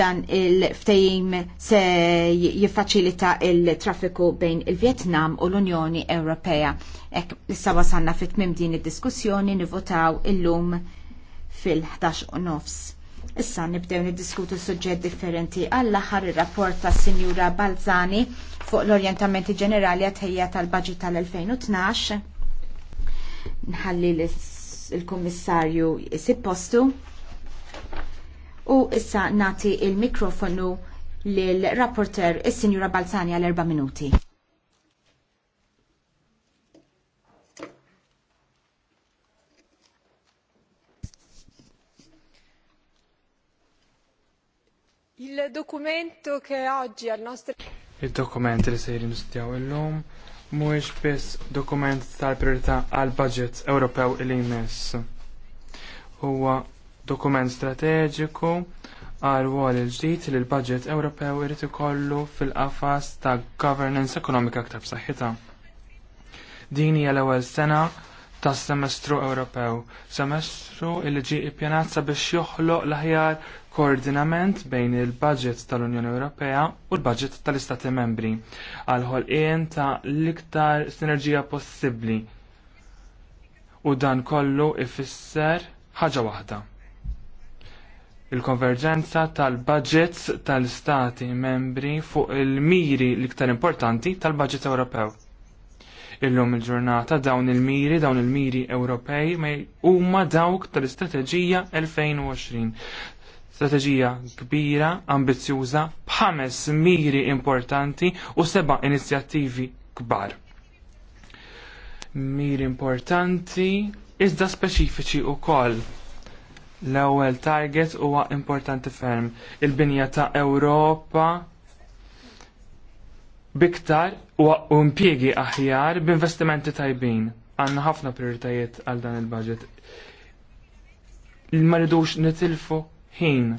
dan il-ftejim se jiffaċilita il-traffiku bejn il-Vietnam u l-Unjoni Ewropea. Ek issa wasanna fit tmim din id-diskussjoni nivotaw illum fil-11 nofs. Issa nibdew niddiskutu suġġett differenti għall-aħħar ir-rapport tas Sinjura Balzani fuq l-orjentamenti ġenerali għatħejja tal-Baġit tal-2012. Nħalli l-Kummissarju jisib postu. U issa nati il-mikrofonu lill-rapporter is-Sinjura Balzani għal erba' minuti. Il documento che oggi al nostro Il-dokument li se nistgħu illum mhuwiex biss dokument tal-priorità għall budget Ewropew il-IMS. Huwa dokument strateġiku għal wol il-ġdid li l-budget Ewropew irid ikollu fil-qafas ta' governance ekonomika aktar b'saħħitha. Din hija l-ewwel sena tas semestru Ewropew, semestru li ġie ippjanat sabiex joħloq l-aħjar koordinament bejn il-budget tal-Unjoni Ewropea u l-budget tal-Istati Membri għal ħolqien ta' l-iktar sinerġija possibbli. U dan kollu ifisser ħaġa waħda il-konverġenza tal-budgets tal-stati membri fuq il-miri l-iktar importanti tal-budget Ewropew. Illum il-ġurnata dawn il-miri, dawn il-miri Ewropej huma dawk tal-istrateġija 2020. Strateġija kbira, ambizzjuża, b'ħames miri importanti u seba' inizjattivi kbar. Miri importanti, iżda speċifiċi u koll L-ewwel target huwa importanti ferm. Il-binja ta' Ewropa biktar u impjiegi aħjar b'investimenti tajbin. Għandna ħafna prioritajiet għal dan il-budget. Ma rridux nitilfu ħin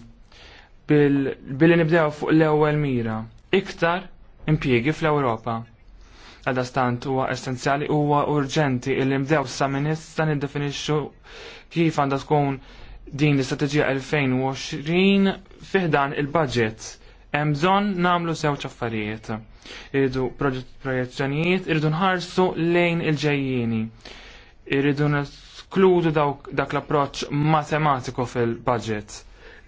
billi nibdew fuq l-ewwel mira. Iktar impjiegi fl-Ewropa. stant huwa essenzjali huwa urġenti illi nibdew sa minn issa niddefinixxu kif għandha tkun din l-istrateġija 2020 fiħdan il-budget. Hemm bżonn nagħmlu sew ċaffarijiet. Irridu projezzjonijiet, irridu nħarsu lejn il ġejjini Irridu neskludu dak l-approċċ matematiku fil-budget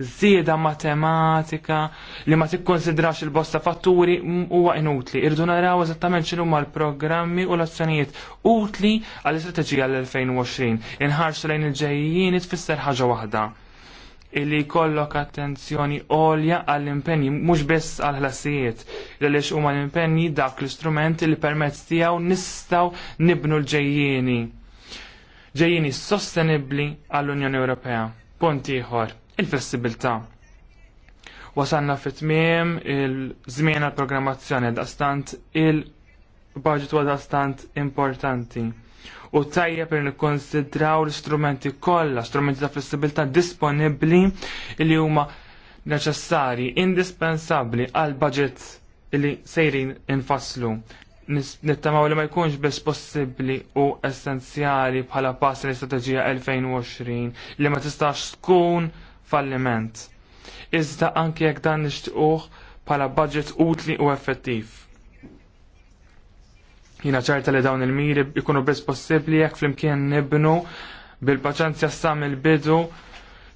Zieda matematika li ma tikkonsidrax il-bosta fatturi huwa inutli. Irdu naraw eżattament x'inhu l-programmi u l-azzjonijiet utli għall istrateġija l-2020. Inħarsu lejn il-ġejjin tfisser ħaġa waħda illi jkollok attenzjoni għolja għall-impenji, mhux biss għall-ħlasijiet, għaliex huma l-impenji dak l-istrument li permezz tiegħu nistgħu nibnu l ġejjini ġejjini sostenibbli għall-Unjoni Ewropea. Punt ieħor il-flessibilità. Wasanna fit-tmiem il-żmien programmazzjoni daqstant il-budget huwa daqstant importanti. U tajjeb li nikkonsidraw l-istrumenti kollha, strumenti ta' flessibilità disponibbli li huma neċessari, indispensabbli għal budget li sejrin infasslu nittamaw li ma jkunx biss possibbli u essenzjali bħala pass l-istrateġija 2020 li ma tistax tkun falliment. Iżda anke jekk dan nixtiequh bħala budget utli u effettiv. Jina ċerta li dawn il-miri ikunu biss possibbli jekk flimkien nibnu bil-paċenzja sam il-bidu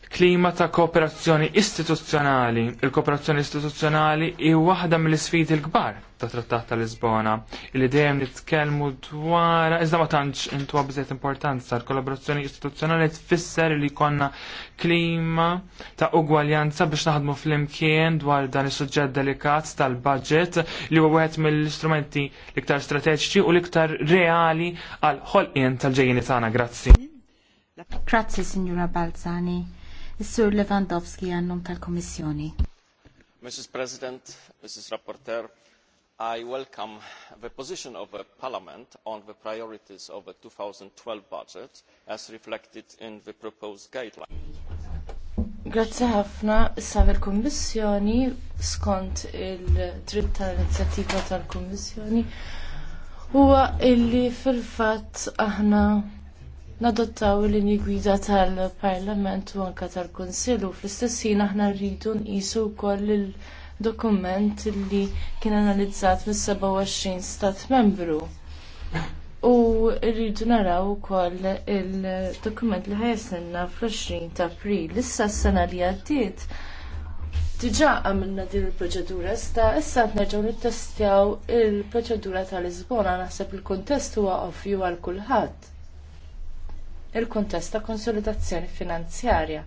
klima ta' kooperazzjoni istituzzjonali. Il-kooperazzjoni istituzzjonali i waħda mill-isfidi l-kbar ta' Trattat ta' Lisbona. li dejjem nitkellmu dwar iżda ma tantx intuwa bżiet importanza. Il-kollaborazzjoni istituzzjonali tfisser li konna klima ta' ugwaljanza biex naħdmu fl-imkien dwar dan is-suġġett delikat tal-budget li huwa wieħed mill-istrumenti l-iktar strateġiċi u l-iktar reali għal ħolqien tal-ġejjini tagħna. Grazzi. Grazzi, Signora Balzani is Lewandowski għannum tal-Komissjoni. Mrs. President, Mrs. Rapporteur, I welcome the position of the Parliament on the priorities of the 2012 budget as reflected in the proposed guidelines. ħafna, il-Kommissjoni skont il-dritt tal-inizjattiva tal-Kommissjoni huwa illi fil aħna nadottaw l-linji gwida tal-Parlament u anka tal-Konsil u fl-istess aħna rridu nqisu wkoll il-dokument li kien analizzat mis-27 stat membru. U rridu naraw ukoll il-dokument li ħajasnilna fl-20 ta' April. Issa s-sena li għaddiet Diġa għamilna din il-proċedura, sta issa nerġaw nittestjaw il-proċedura tal-Lisbona naħseb il kuntest huwa ovvju għal kulħadd il-kuntest ta' konsolidazzjoni finanzjarja.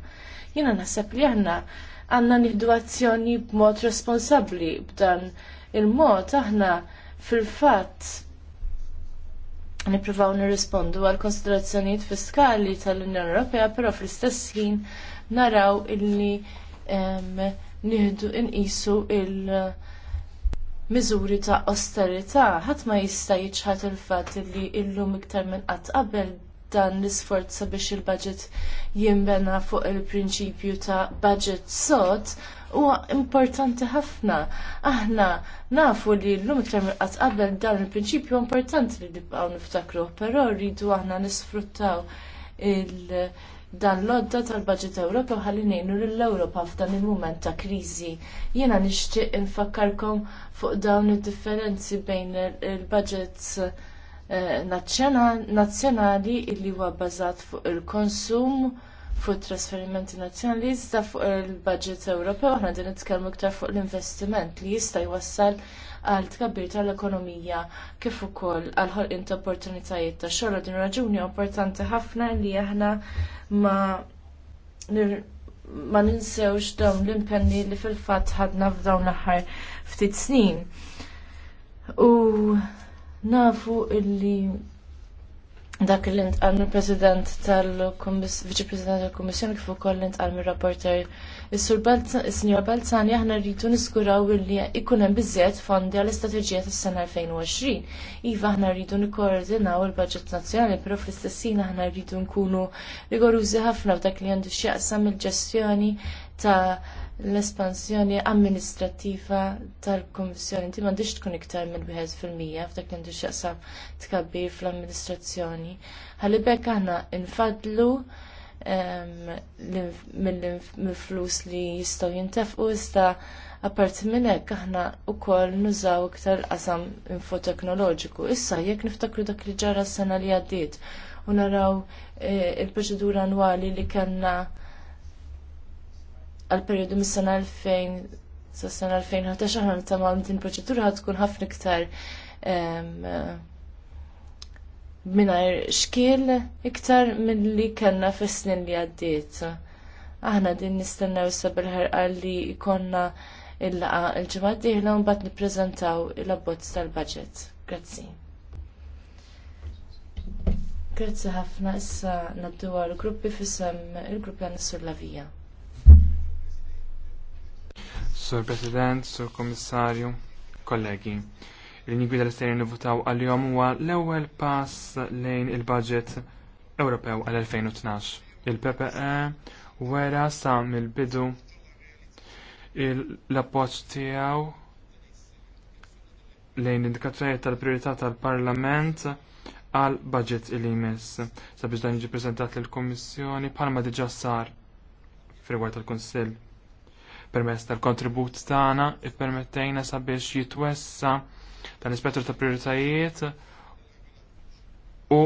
Jiena naħseb li aħna għandna nieħdu azzjoni b'mod responsabbli b'dan il-mod aħna fil-fatt nippruvaw nirrispondu għal konsiderazzjonijiet fiskali tal-Unjoni Ewropea, però fl-istess ħin naraw illi nieħdu inqisu il- miżuri ta' austerità ħadd ma jista' jiċħad il-fatt li llum iktar minn qatt qabel dan l-isforz sabiex il-budget jimbena fuq il-prinċipju ta' budget sot huwa importanti ħafna. Aħna nafu li l-lum kemm qatt qabel dan il-prinċipju importanti li nibqgħu niftakru, però rridu aħna nisfruttaw il- dan l-odda tal-Baġit Ewropa ħalli ngħinu lill-Ewropa f'dan il-mument ta' kriżi. Jiena nixtieq infakkarkom fuq dawn id-differenzi bejn il-budgets Eh, nazzjonali li huwa bbażat fuq il-konsum fuq it trasferimenti nazzjonali iżda fuq il-budget Ewropew aħna din nitkellmu iktar fuq l-investiment li jista' jwassal għal tkabbir tal-ekonomija kif ukoll għal ħolqien ta' opportunitajiet ta' xogħol din raġuni importanti ħafna li aħna ma ma ninsewx dawn l-impenni li fil-fatt ħadna f'dawn l-aħħar ftit snin. U Nafu illi dak li ntqal mill-President tal-Viċi-President tal-Kummissjoni kif ukoll ntqal mir-rapporter is-Sinjor Balzani aħna rridu niskuraw illi ikun hemm biżjed fondi għall istrateġija tas-sena 2020. Iva aħna rridu nikkoordinaw il-Baġġett Nazzjonali, però fl-istess ħin aħna rridu nkunu rigorużi ħafna f'dak li għandu x'jaqsam il-ġestjoni ta' l-espansjoni amministrattiva tal-Kummissjoni. Inti m'għandix tkun iktar minn wieħed fil-mija f'dak li għandu x'jaqsam tkabbir fl-amministrazzjoni. Ħalibek bekk aħna infadlu ehm, mill-flus li jistgħu jintefqu iżda apparti minn hekk aħna wkoll nużaw iktar qasam infoteknologiku. Issa jekk niftakru dak li ġara s-sena li għaddiet u naraw eh, il-proċedura annwali li kellna għal periodu mis-sena 2000 sa sena 2011 aħna nittama' din proċettura tkun ħafna iktar eh, mingħajr xkiel iktar milli kellna fis-snin li għaddiet. Aħna din nistennew sabel ħerqa li ikonna il-laqa il-ġimgħa d-dieħla u mbagħad nippreżentaw l-abbozz tal-budget. Grazzi. Grazzi ħafna issa naddu għal gruppi fisem il-gruppi għan-Nissur Lavija. Sur President, Sur Komissarju, kollegi, il nigwi l-isterin nivutaw għal-jom huwa l-ewwel pass lejn il-budget Ewropew għal-2012. Il-PPE wera sa mill-bidu l-appoġġ tiegħu lejn indikatorjiet tal-priorità tal-Parlament għal budget il jmiss sabiex dan jiġi preżentat lill kummissjoni bħalma diġà sar fir tal-Kunsill. Permezz tal-kontribut tagħna ippermettejna sabiex jitwessa tal-ispettru ta' prioritajiet u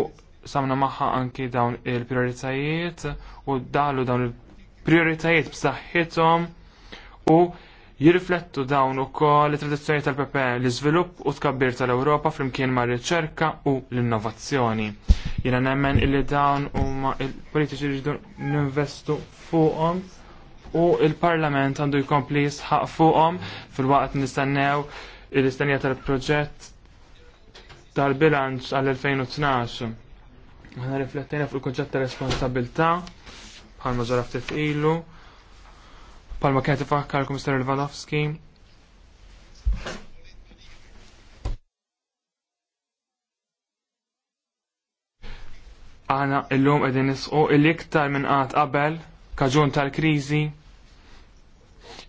samna magħha anki dawn il-prioritajiet u dalu dawn il-prioritajiet b'saħħithom u jirriflettu dawn ukoll it-tradizzjoni tal-PP e, l-iżvilupp u tkabbir tal-Ewropa flimkien ma' riċerka u l-innovazzjoni. Jiena nemmen illi dawn huma il-politiċi li jridu ninvestu fuqhom u il-Parlament għandu jkompli jisħaq fuqhom fil-waqt nistennew il-istennija tal-proġett tal-bilanċ għal-2012. Għana riflettejna fuq il-konċett ta' responsabilta bħalma ġara ftit ilu, bħalma kienet ifakkar l-Komissar Għana illum għedin nisqu il-iktar minn qatt qabel kaġun tal-krizi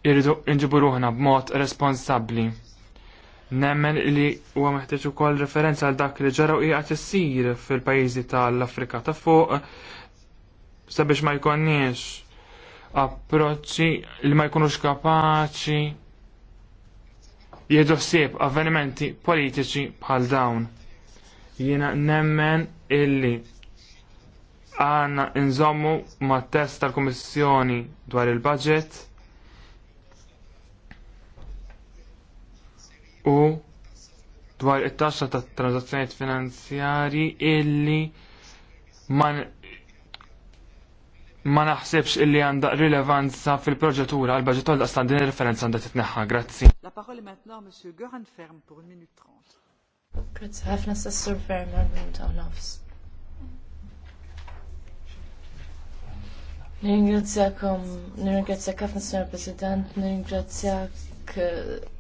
irridu nġibu b'mod responsabbli. Nemmen li huwa meħtieġ ukoll referenza għal dak li ġara u qiegħed issir fil-pajjiżi tal-Afrika ta' fuq sabiex ma jkonniex approċċi li ma jkunux kapaċi jiedu ħsieb avvenimenti politiċi bħal dawn. Jiena nemmen illi għanna nżommu ma test tal-Komissjoni dwar il-budget u dwar it-taxxa ta' transazzjonijiet finanzjari illi ma naħsibx illi għandha rilevanza fil-proġettura għal baġit għal daqstan din referenza għandha titneħħa, grazzi. La paroli maintenant Monsieur Göran Ferm pour 1 minute 30. Grazzi ħafna s-sur Ferm għal minuta u nofs. Nirringrazzjakom, nirringrazzjak ħafna s-sur President, nirringrazzjak eh,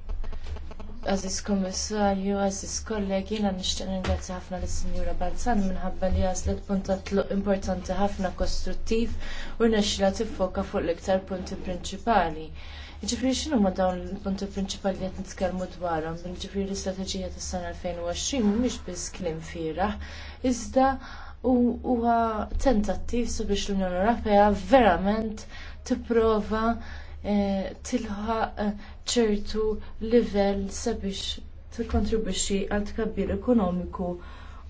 Aziz Kommissarju, Aziz kollegi, jiena nixtieq ringrazzja ħafna lis sinjura Balzan minħabba li għażlet punta tluq importanti ħafna kostruttiv u nexxila tiffoka fuq l-iktar punti prinċipali. Ġifri xinu ma dawn il-punti prinċipali li qed nitkellmu dwarhom, ġifri l-istrateġija tas-sena 2020 mhumiex biss kliem fieraħ, iżda huwa tentattiv sabiex l-Unjoni Ewropea verament tipprova eh, tilħaq eh, ċertu livell sabiex tikkontribwixxi għal tkabbir ekonomiku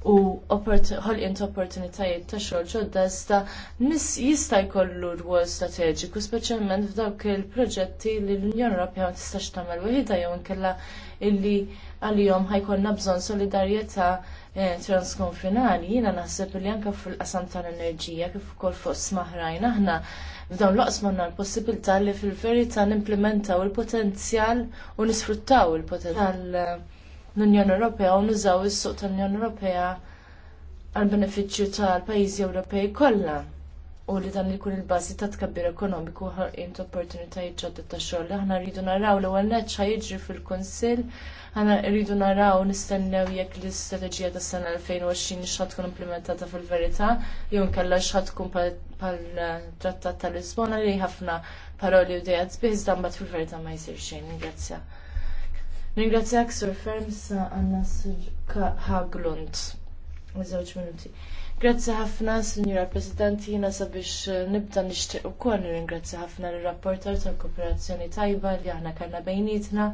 u ħolqien ta' opportunitajiet ta' xogħol ġodda iżda jista' jkollu rwol strateġiku, speċjalment f'dawk il-proġetti li l-Unjoni Ewropea ma tistax tagħmel waħedha jew inkella illi għalihom ħajkollna bżonn solidarjetà Eh, transkonfinali, jiena naħseb li anke fil-qasam tal-enerġija kif ukoll fuq smaħrajn aħna f'dawn l-oqsma għandna l-possibilità li fil-verità nimplementaw il-potenzjal u nisfruttaw il-potenzjal l-Unjoni Ewropea u nużaw is-suq tal-Unjoni Ewropea għall benefiċċju tal-pajjiżi Ewropej kollha u li dan ikun il-bażi ta' tkabbir ekonomiku ħarqin ta' opportunitajiet ġodda ta' xogħol. Aħna rridu naraw l-ewwel nett jiġri fil-Kunsill aħna rridu naraw nistennew jekk l-istrateġija tas sena 2020 xħat tkun implementata fil-verità, jew nkella xħat tkun pal-trattat tal-Lisbona li ħafna paroli u dejat biħ iżdambat fil-verità ma jsir xejn. Ningrazzja. Ningrazzjak Sur Ferms għanna Sir Haglund. Żewġ minuti. Grazzi ħafna, Signora President, jina sabiex eh, nibda nixtieq ukoll nirringrazzja ħafna l-rapporter tal-kooperazzjoni tajba li aħna kellna bejnietna.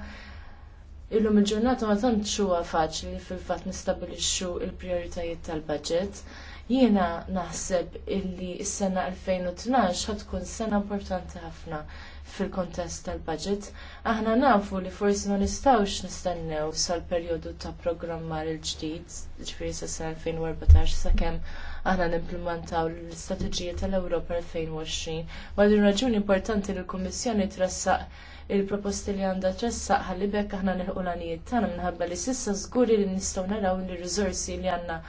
Illum il-ġurnata ma tantx xuwa faċli fil-fatt nistabilixxu l prijoritajiet tal-budget jiena naħseb illi s-sena 2012 ħatkun sena importanti ħafna fil-kontest tal-budget. Aħna nafu li forsi ma nistawx nistennew sal-perjodu ta' programmar il-ġdid, ġifieri sa' sena 2014 sakemm aħna nimplementaw l-istrateġija tal-Ewropa 2020. Għal din raġuni importanti li l-Kummissjoni trassaq il-proposti li għandha trassaq ħalli aħna nilħu l-għanijiet tagħna minħabba li sissa żguri li nistgħu naraw li r-riżorsi li għandna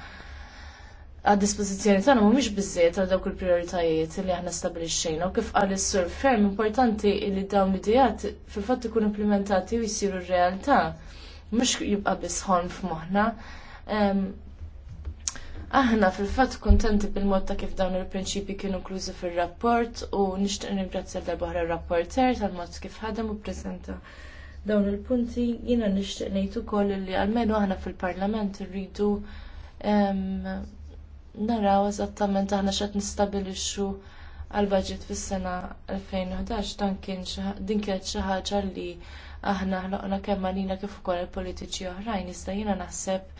għad dispożizzjoni tagħna mhumiex biżżejjed għal dawk il-prijoritajiet li aħna stabilixxejna u kif qal is-sur ferm importanti li dawn l-idejat fil-fatt ikunu implementati u jsiru r-realtà mhux jibqa' biss ħolm f'moħħna. Aħna fil-fatt kontenti bil-mod ta' kif dawn il-prinċipi kienu inklużi fir-rapport u nixtieq ningrazzja darba rapporter tal-mod kif ħadem u ppreżenta dawn il-punti jiena nixtieq ngħid ukoll li għalmenu aħna fil-Parlament irridu naraw eżattament aħna x'qed nistabilixxu għall budget fis-sena 2011 dan kien din kienet xi ħaġa li aħna ħloqna kemm għalina kif ukoll il-politiċi oħrajn iżda jiena naħseb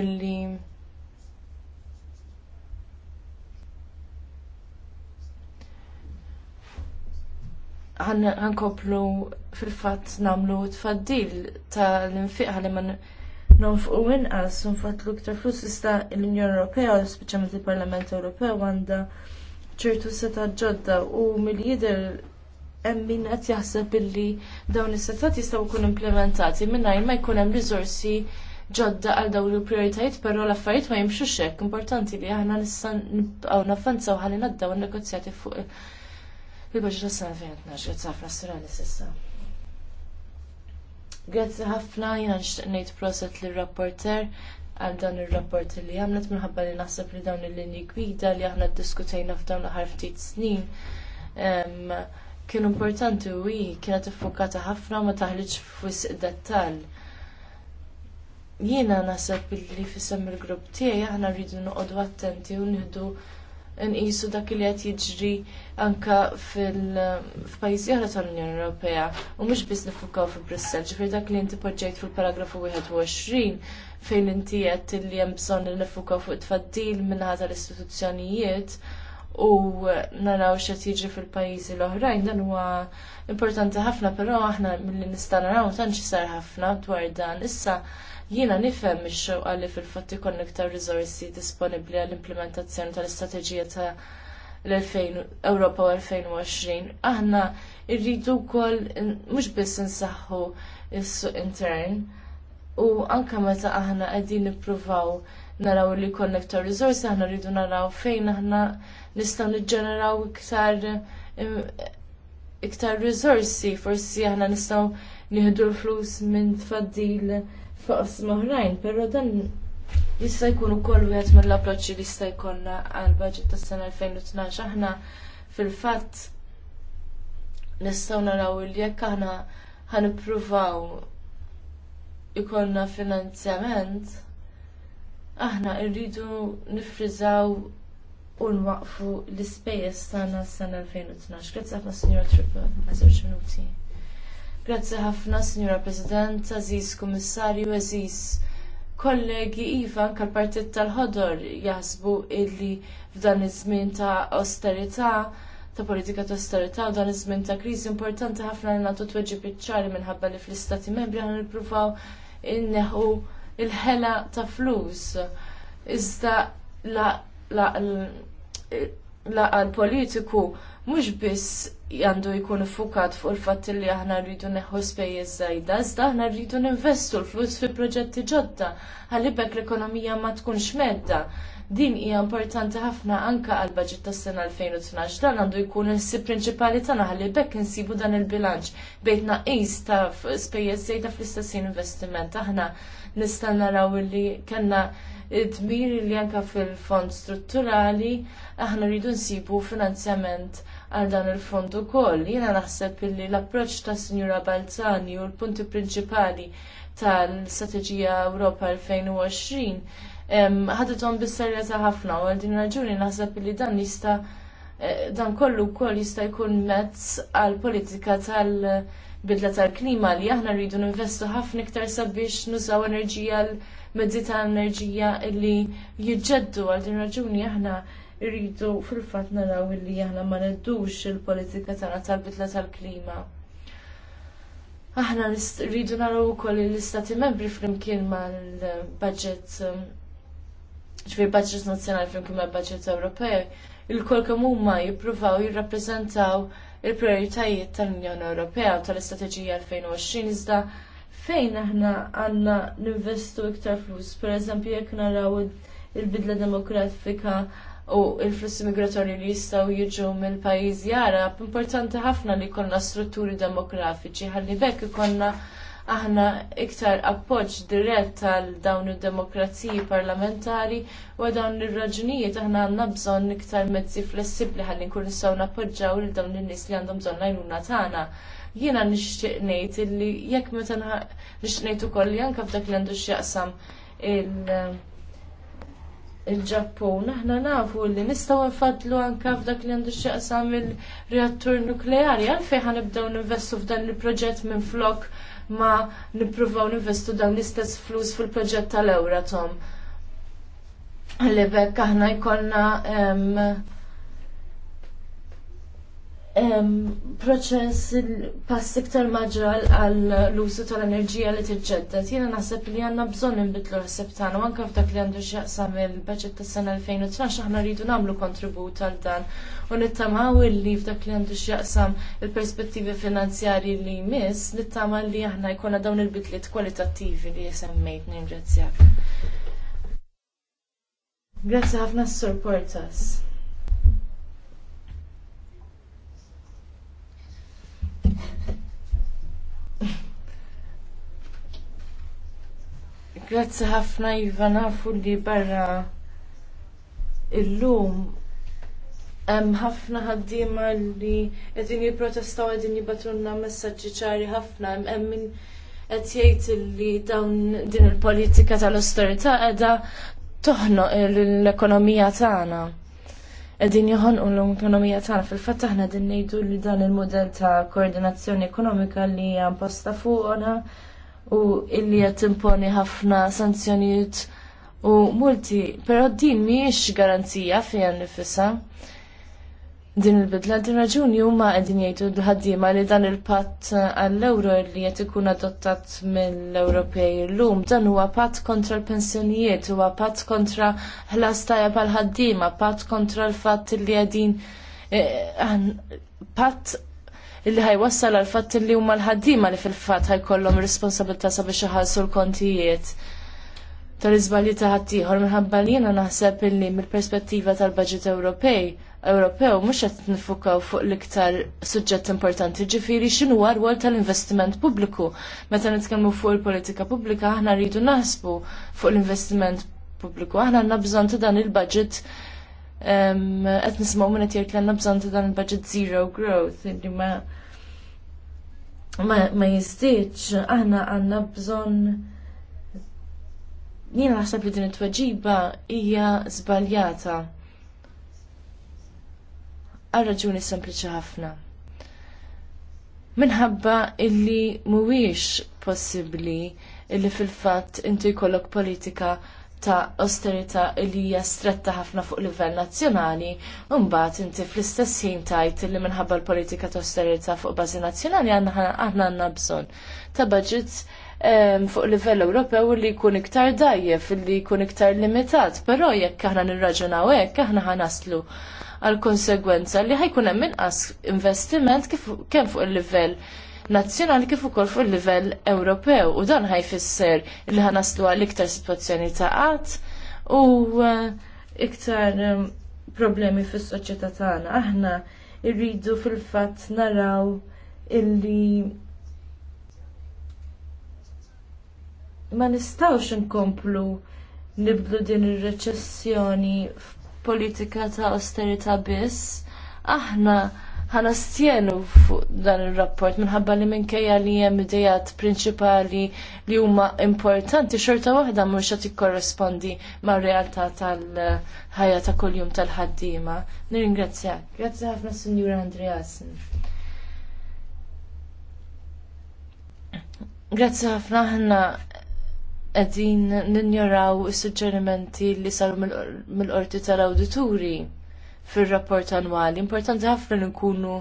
illi ħankomplu fil-fatt namlu tfaddil tal li ħalli nonfqu inqas u l iktar flus issa l-Unjoni Ewropea, speċjalment il-Parlament Ewropew għandha ċertu setat ġodda u mill-jidher hemm min qed jaħseb illi dawn is-setat jistgħu jkunu implementati mingħajr ma jkun hemm riżorsi ġodda għal dawn il-prioritajiet, però l-affarijiet ma jimxux hekk. Importanti li aħna nista' nibqgħu nafanzaw ħalli naddaw in-negozjati fuq il baġit tas-sena fejn qed naġġel ħafna s-sura li s'issa. Grazzi ħafna jiena nixtieq ngħid proset lir rapporter għal dan ir-rapport li għamlet minħabba li naħseb li dawn il-linji gwida li aħna ddiskutejna f'dawn l-aħħar ftit snin kienu importanti u hi kienet iffukata ħafna ma taħliġ f'wisq dettall. Jiena naħseb li fissem il-grupp tiegħi aħna rridu noqogħdu attenti u nieħdu nqisu dak li qed jiġri anke f'pajjiżi oħra tal-Unjoni Ewropea u mhux biss nifukaw fi Brussell, ġifier dak li inti poġġejt fil-paragrafu 21 fejn inti qed li hemm bżonn li nifukaw fuq tfaddil minnaħa tal-istituzzjonijiet u naraw x'qed jiġri fil-pajjiżi l-oħrajn dan huwa importanti ħafna, però aħna milli nista' naraw tantx sar ħafna dwar dan. Issa Jiena nifhem ix-xewqa li fil-fatt ikon iktar riżorsi disponibbli għall-implementazzjoni tal-istrateġija ta' l-Europa 2020. Aħna rridu wkoll mhux biss insaħħu s-suq intern u anke meta aħna qegħdin nippruvaw naraw li jkollna iktar riżorsi aħna rridu naraw fejn aħna nistgħu niġġeneraw iktar iktar riżorsi, forsi aħna nistgħu nieħdu l-flus minn tfaddil faqs moħrajn, però dan jista' jkun ukoll wieħed mill-approċċi li jista' jkollna għall budget tas-sena 2012 aħna fil-fatt nistgħu naraw li jekk aħna ħanippruvaw ikollna finanzjament aħna rridu nifriżaw u nwaqfu l-ispejjeż tagħna s-sena 2012. Grazzi ħafna Sinjora Triple, ma' minuti. Grazzi ħafna, Signora President, Aziz Kummissarju, Aziz kollegi iva anke l-Partit tal-Ħodor jasbu illi f'dan iż-żmien ta' austerità ta' politika ta' austerità u dan iż-żmien ta' kriżi importanti ħafna li nagħtu tweġib iċ-ċari minħabba li fl-Istati Membri ħan nippruvaw inneħu il-ħela ta' flus. Iżda la, la, la, la, l-politiku mhux biss għandu jkun fukat fuq il-fatt li aħna rridu neħu spejjeż żgħida, iżda aħna rridu ninvestu l-flus fi proġetti ġodda ħalibek l-ekonomija ma tkunx medda. Din hija importanti ħafna anke għal baġit tas-sena 2012 dan għandu jkun il-sib prinċipali tagħna ħalli bekk insibu dan il-bilanċ bejtna naqis ta' spejjeż żejda fl-istess investiment. Aħna nista' naraw li kellna dmir li anke fil-fond strutturali aħna rridu nsibu finanzjament għal dan il-fond ukoll. Jiena naħseb illi l-approċċ tas Sinjura Balzani u l-punti prinċipali tal-Strateġija Ewropa 2020 ħadithom bis-serjetà ħafna u għal din raġuni naħseb li dan jista' eh, dan kollu wkoll jista' jkun mezz għal politika tal- bidla tal-klima li aħna rridu ninvestu ħafna iktar sabiex nużaw enerġija l-mezzi ta' enerġija li jiġġeddu għal din raġuni aħna irridu fil fat naraw illi aħna ma neddux il-politika tagħna tal-bidla tal-klima. Aħna rridu naraw ukoll l-istati membri flimkien mal-budget ġvir budget nazzjonali flimkien mal-budget Ewropej, il-kol kemm huma jippruvaw jirrappreżentaw il-prioritajiet tal-Unjoni Ewropea u tal-Istrateġija 2020 iżda fejn aħna għandna ninvestu iktar flus, pereżempju jekk naraw il-bidla demokratika u il-flussi migratorji li jistgħu jiġu mill-pajjiż jara, importanti ħafna li jkollna strutturi demografiċi ħalli bekk ikollna aħna iktar appoġġ dirett għal dawn id-demokraziji parlamentari u dawn ir-raġunijiet aħna għandna bżonn iktar mezzi flessibbli ħalli nkun nistgħu nappoġġaw lil dawn in-nies li għandhom bżonn għajnuna tagħna. Jiena nixtieq ngħid illi jekk meta nixtieq ngħid ukoll li anke f'dak li għandu x'jaqsam il- il-Ġappun, aħna nafu li nistgħu nfadlu anke f'dak li għandu x'jaqsam il-reattur nukleari, għalfejn ħanibdew ninvestu f'dan il-proġett minn flok ma nippruvaw ninvestu dawn l-istess flus fil-proġett tal-Euratom. Għalli bekk aħna jkollna proċess pass iktar maġral għal l-użu tal-enerġija li tiġġedded. Jiena naħseb li għandna bżonn inbidlu l-ħsib tagħna anke f'dak li għandu x'jaqsam il-baġġett tas-sena 2012 aħna rridu nagħmlu kontribut għal dan u nittamaw li f'dak li għandu x'jaqsam il-perspettivi finanzjarji li jmiss, nittama li aħna jkollna dawn il-bidliet kwalitattivi li semmejt ningrazzjak. Grazzi ħafna s supportas Portas. Grazzi ħafna Iva nafu li barra illum hemm ħafna ħaddiema li qegħdin jipprotestaw qegħdin jibatrunna messaġġi ċari ħafna hemm min qed jgħid li dawn din il-politika tal-austerità qiegħda toħnoq l-ekonomija tagħna qegħdin u l-ekonomija tagħna fil-fatt aħna qegħdin ngħidu li dan il-mudell ta' koordinazzjoni ekonomika li hija imposta fuqna u illi qed imponi ħafna sanzjonijiet u multi, però din mhijiex garanzija fiha nifisha din il-bidla din raġuni huma qegħdin jgħidu l-ħaddiema li dan il-patt għall-ewro li qed ikun adottat mill-Ewropej llum dan huwa patt kontra l-pensjonijiet, huwa patt kontra ħlas tajjeb għal ħaddiema, patt kontra l-fatt li qegħdin eh, patt illi ħajwassal għal fatt li huma l-ħaddiema li fil-fatt ħajkollhom responsabilità sabiex iħallsu l-kontijiet tal-iżbalji ta' ħaddieħor minħabba li jiena naħseb illi mill-perspettiva tal-Baġit Ewropej Ewropew mhux qed nifukaw fuq l-iktar suġġett importanti, ġifieri x'inhu rwol tal-investiment pubbliku. Meta nitkellmu fuq il-politika pubblika aħna rridu naħsbu fuq l-investiment pubbliku. Aħna għandna bżonn ta' dan il-budget qed nisimgħu minn qed jgħid li għandna bżonn ta' dan il-budget zero growth li ma ma, ma aħna għandna bżonn Jien naħseb li din it-tweġiba hija żbaljata għal raġuni sempliċi ħafna. Minħabba illi mhuwiex possibbli illi fil-fatt inti jkollok politika ta' austerita illi hija stretta ħafna fuq livell nazzjonali, mbagħad inti fl-istess ħin tajt illi minħabba l-politika ta' austerita fuq bażi nazzjonali aħna għandna bżonn ta' budgets ehm, fuq livell Ewropew li jkun iktar dajjef, li jkun iktar limitat, però jekk aħna nirraġunaw hekk aħna ħanaslu għal konsegwenza li ħajkun hemm inqas investiment kemm fuq il-livell nazzjonali kif ukoll fuq il-livell Ewropew u dan ħajfisser li ħanaslu għal iktar sitwazzjoni ta' qatt u uh, iktar um, problemi fis-soċjetà tagħna. Aħna rridu fil-fatt naraw illi ma nistawx nkomplu nibdu din ir-reċessjoni politika ta' austerita biss, aħna ħanastjenu fuq dan il-rapport minħabba li minkejja li hemm idejat prinċipali li huma importanti xorta waħda mhux qed jikkorrespondi mar-realtà tal-ħajja ta' kuljum tal-ħaddiema. Nirringrazzjak. Grazzi ħafna Sinjura Andreasen. Grazzi ħafna ħna għedin ninjoraw is-suġġerimenti li saru mill-qorti tal-awdituri fir-rapport annwali. Importanti ħafna li nkunu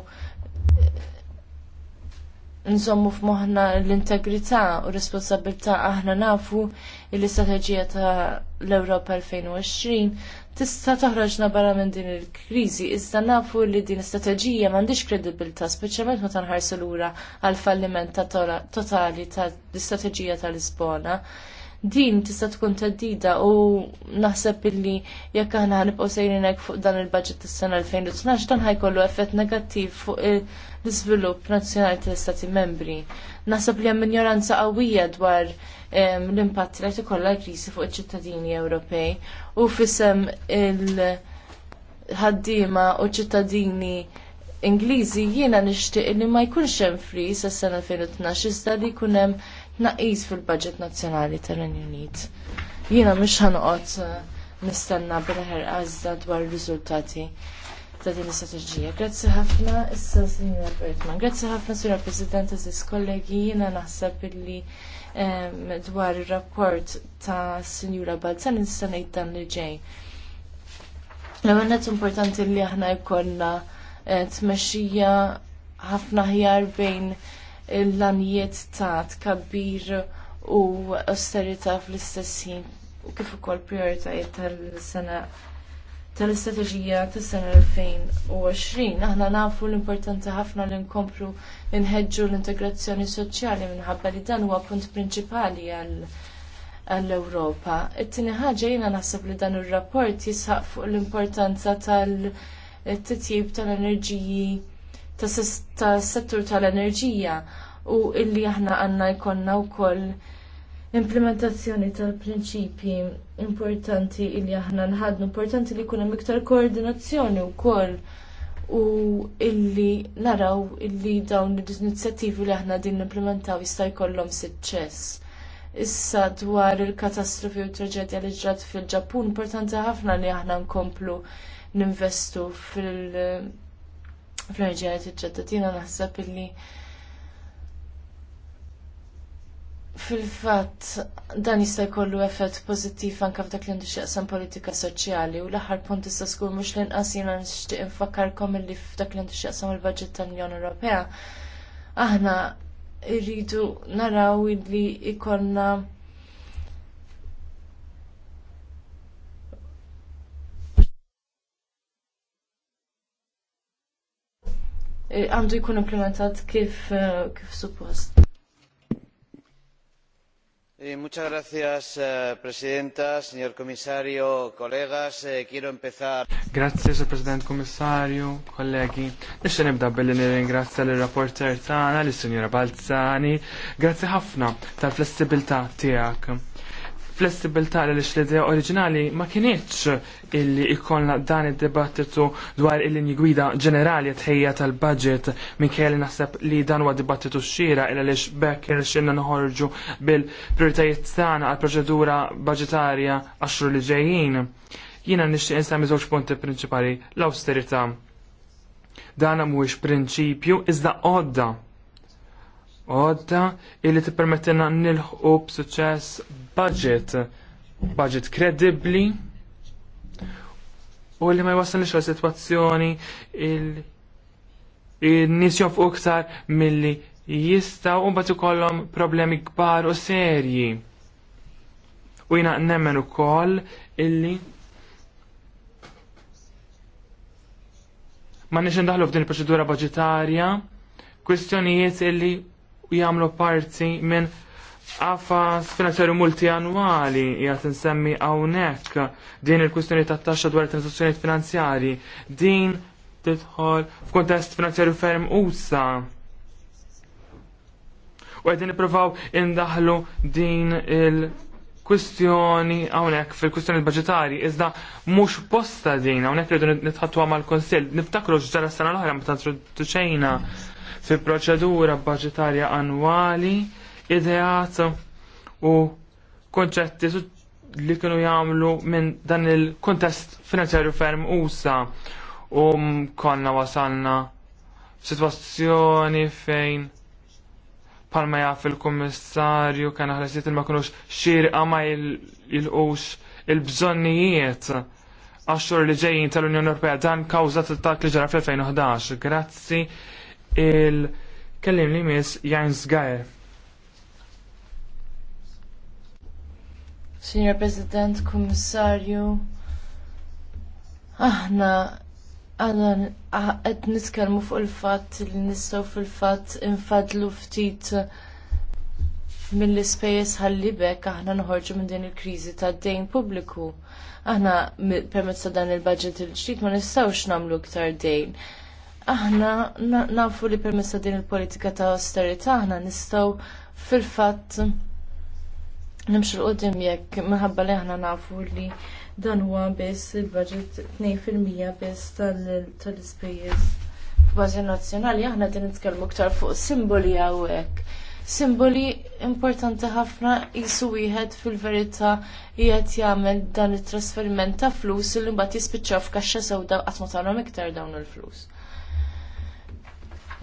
nżommu f'moħħna l-integrità u responsabilità aħna nafu l-istrateġija ta' l-Ewropa 2020 tista' toħroġna barra minn din il-kriżi, iżda nafu li din istrateġija m'għandix kredibilità, speċjalment meta nħarsu lura għal falliment totali tal-istrateġija tal-Lisbona din tista' tkun teddida u naħseb illi jekk aħna ħanibqgħu sejrin hekk fuq dan il-budget tas-sena 2012 dan ħajkollu effett negattiv fuq l-iżvilupp nazzjonali tal-Istati Membri. Naħseb li hemm minjoranza qawwija dwar l-impatt li qed ikollha l kriżi fuq iċ-ċittadini Ewropej u fisem il-ħaddiema u ċittadini Ingliżi jiena nixtieq li ma jkunx hemm free sas-sena 2012 iżda li jkun hemm naqis fil-budget nazzjonali tal-Renju Unit. Jiena mhux ħanoqgħod uh, nistenna bil-ħer għażla dwar ir-riżultati ta' din l-istrateġija. Grazzi ħafna, issa Sinjora Bertman. Grazzi ħafna, Sinjora President, eżis kollegi, jiena naħseb illi dwar ir-rapport ta' Sinjura Balzan nista' ngħid dan li ġej. L-għannet importanti li aħna jkollna eh, tmexxija ħafna ħjar bejn l-anijiet ta' tkabbir u austerita fl-istess ħin u kif ukoll prioritajiet tal-sena tal-istrateġija tas-sena 2020. Aħna nafu l-importanti ħafna li nkomplu nħeġġu l-integrazzjoni soċjali minħabba li dan huwa punt prinċipali għal għall-Ewropa. It-tieni ħaġa jiena naħseb li dan ir-rapport jisħaq fuq l-importanza tal-titjib tal-enerġiji tas-settur tal-enerġija u illi aħna għandna jkollna wkoll implementazzjoni tal-prinċipji importanti illi aħna nħadnu importanti li jkun hemm iktar koordinazzjoni wkoll u illi naraw illi dawn l-inizjattivi li aħna din implementaw jista' jkollhom suċċess issa dwar il-katastrofi u traġedja li ġrat fil-Ġappun, importanti ħafna li aħna nkomplu ninvestu fil- fl-arġijiet iġġeddatina naħseb illi fil-fatt dan jista' jkollu effett pożittiv anke f'dak li għandu x'jaqsam politika soċjali u l-aħħar punt issa skur mhux l-inqas jiena nixtieq infakkarkom illi f'dak li għandu jaqsam il-baġġett tal-Unjoni Ewropea aħna rridu naraw illi jkollna. Eh, għandu jkun implementat kif, eh, kif suppost. Eh, muchas gracias, Presidenta, señor comisario, colegas. quiero empezar. Grazie, Sir President, Commissario, kollegi. Nixxen nibda billi nirringrazzja l-rapporter tagħna, l-Sinjora Balzani. Grazzi ħafna tal-flessibilità tiegħek flessibilità li l-idea oriġinali ma kienieċ illi ikonna dan id-dibattitu dwar il-linji gwida ġenerali tħejja tal-budget minn kelli naħseb li dan huwa dibattitu xxira illa lix bekk irxinna noħorġu bil-prioritajiet tagħna għal proċedura budgetarja għaxru li ġejjin. Jiena nixtieq insemmi żewġ punti prinċipali l-austerità. Dan mhuwiex prinċipju iżda għodda għodda illi tippermettina nilħu b'suċċess budget, budget kredibbli u li ma jwassalniex għal sitwazzjoni il-nies jonfqu mill milli jistaw u mbagħad ikollhom problemi kbar u serji. U jina nemmen ukoll illi ma nix ndaħlu f'din il-proċedura budgetarja kwistjonijiet illi jagħmlu parti minn għafas finanzjarju multianwali jgħat nsemmi għawnek din il-kustjoni ta' taxxa dwar transazzjoni finanzjari din titħol f'kontest finanzjarju ferm usa u għedin niprofaw indaħlu din il-kustjoni għawnek fil-kustjoni budgetari iżda mux posta din għawnek għedin nitħattu għamal konsil niftakru ġdara s sana l-ħra ma t ċejna fi proċedura budgetarja annwali ideat u konċetti li kienu jagħmlu minn dan il-kontest finanzjarju ferm usa u um, konna wasalna f'sitwazzjoni fejn palma jaf il-kommissarju kan ħlasiet il ma kunux xirqa ma il-qux il-bżonnijiet għaxxur li ġejjin tal-Unjoni Ewropea dan kawża t-tat li ġara fl-2011. Grazzi il-kellim li mis Jan Gajer. Signor President, Kummissarju, aħna għadna għed niskalmu fuq il-fat li nistaw fil-fat infadlu ftit mill-ispejjeż ħallibek aħna nħorġu minn din il-kriżi tad-dejn pubbliku. Aħna permezz ta' dan il-budget il-ġdid ma nistgħux nagħmlu iktar dejn aħna nafu li permessa din il-politika ta' austerita aħna nistaw fil-fatt nimxu l-qoddim jekk minħabba li aħna nafu li dan huwa biss il-budget 2% biss tal-ispejjeż f'bażi nazzjonali aħna din nitkellmu aktar fuq simboli hawnhekk. Simboli importanti ħafna jisu wieħed fil-verità qiegħed jagħmel dan it-trasferiment ta' flus li mbagħad jispiċċaw f'kaxxa sewda qatt ma tagħhom iktar dawn il-flus.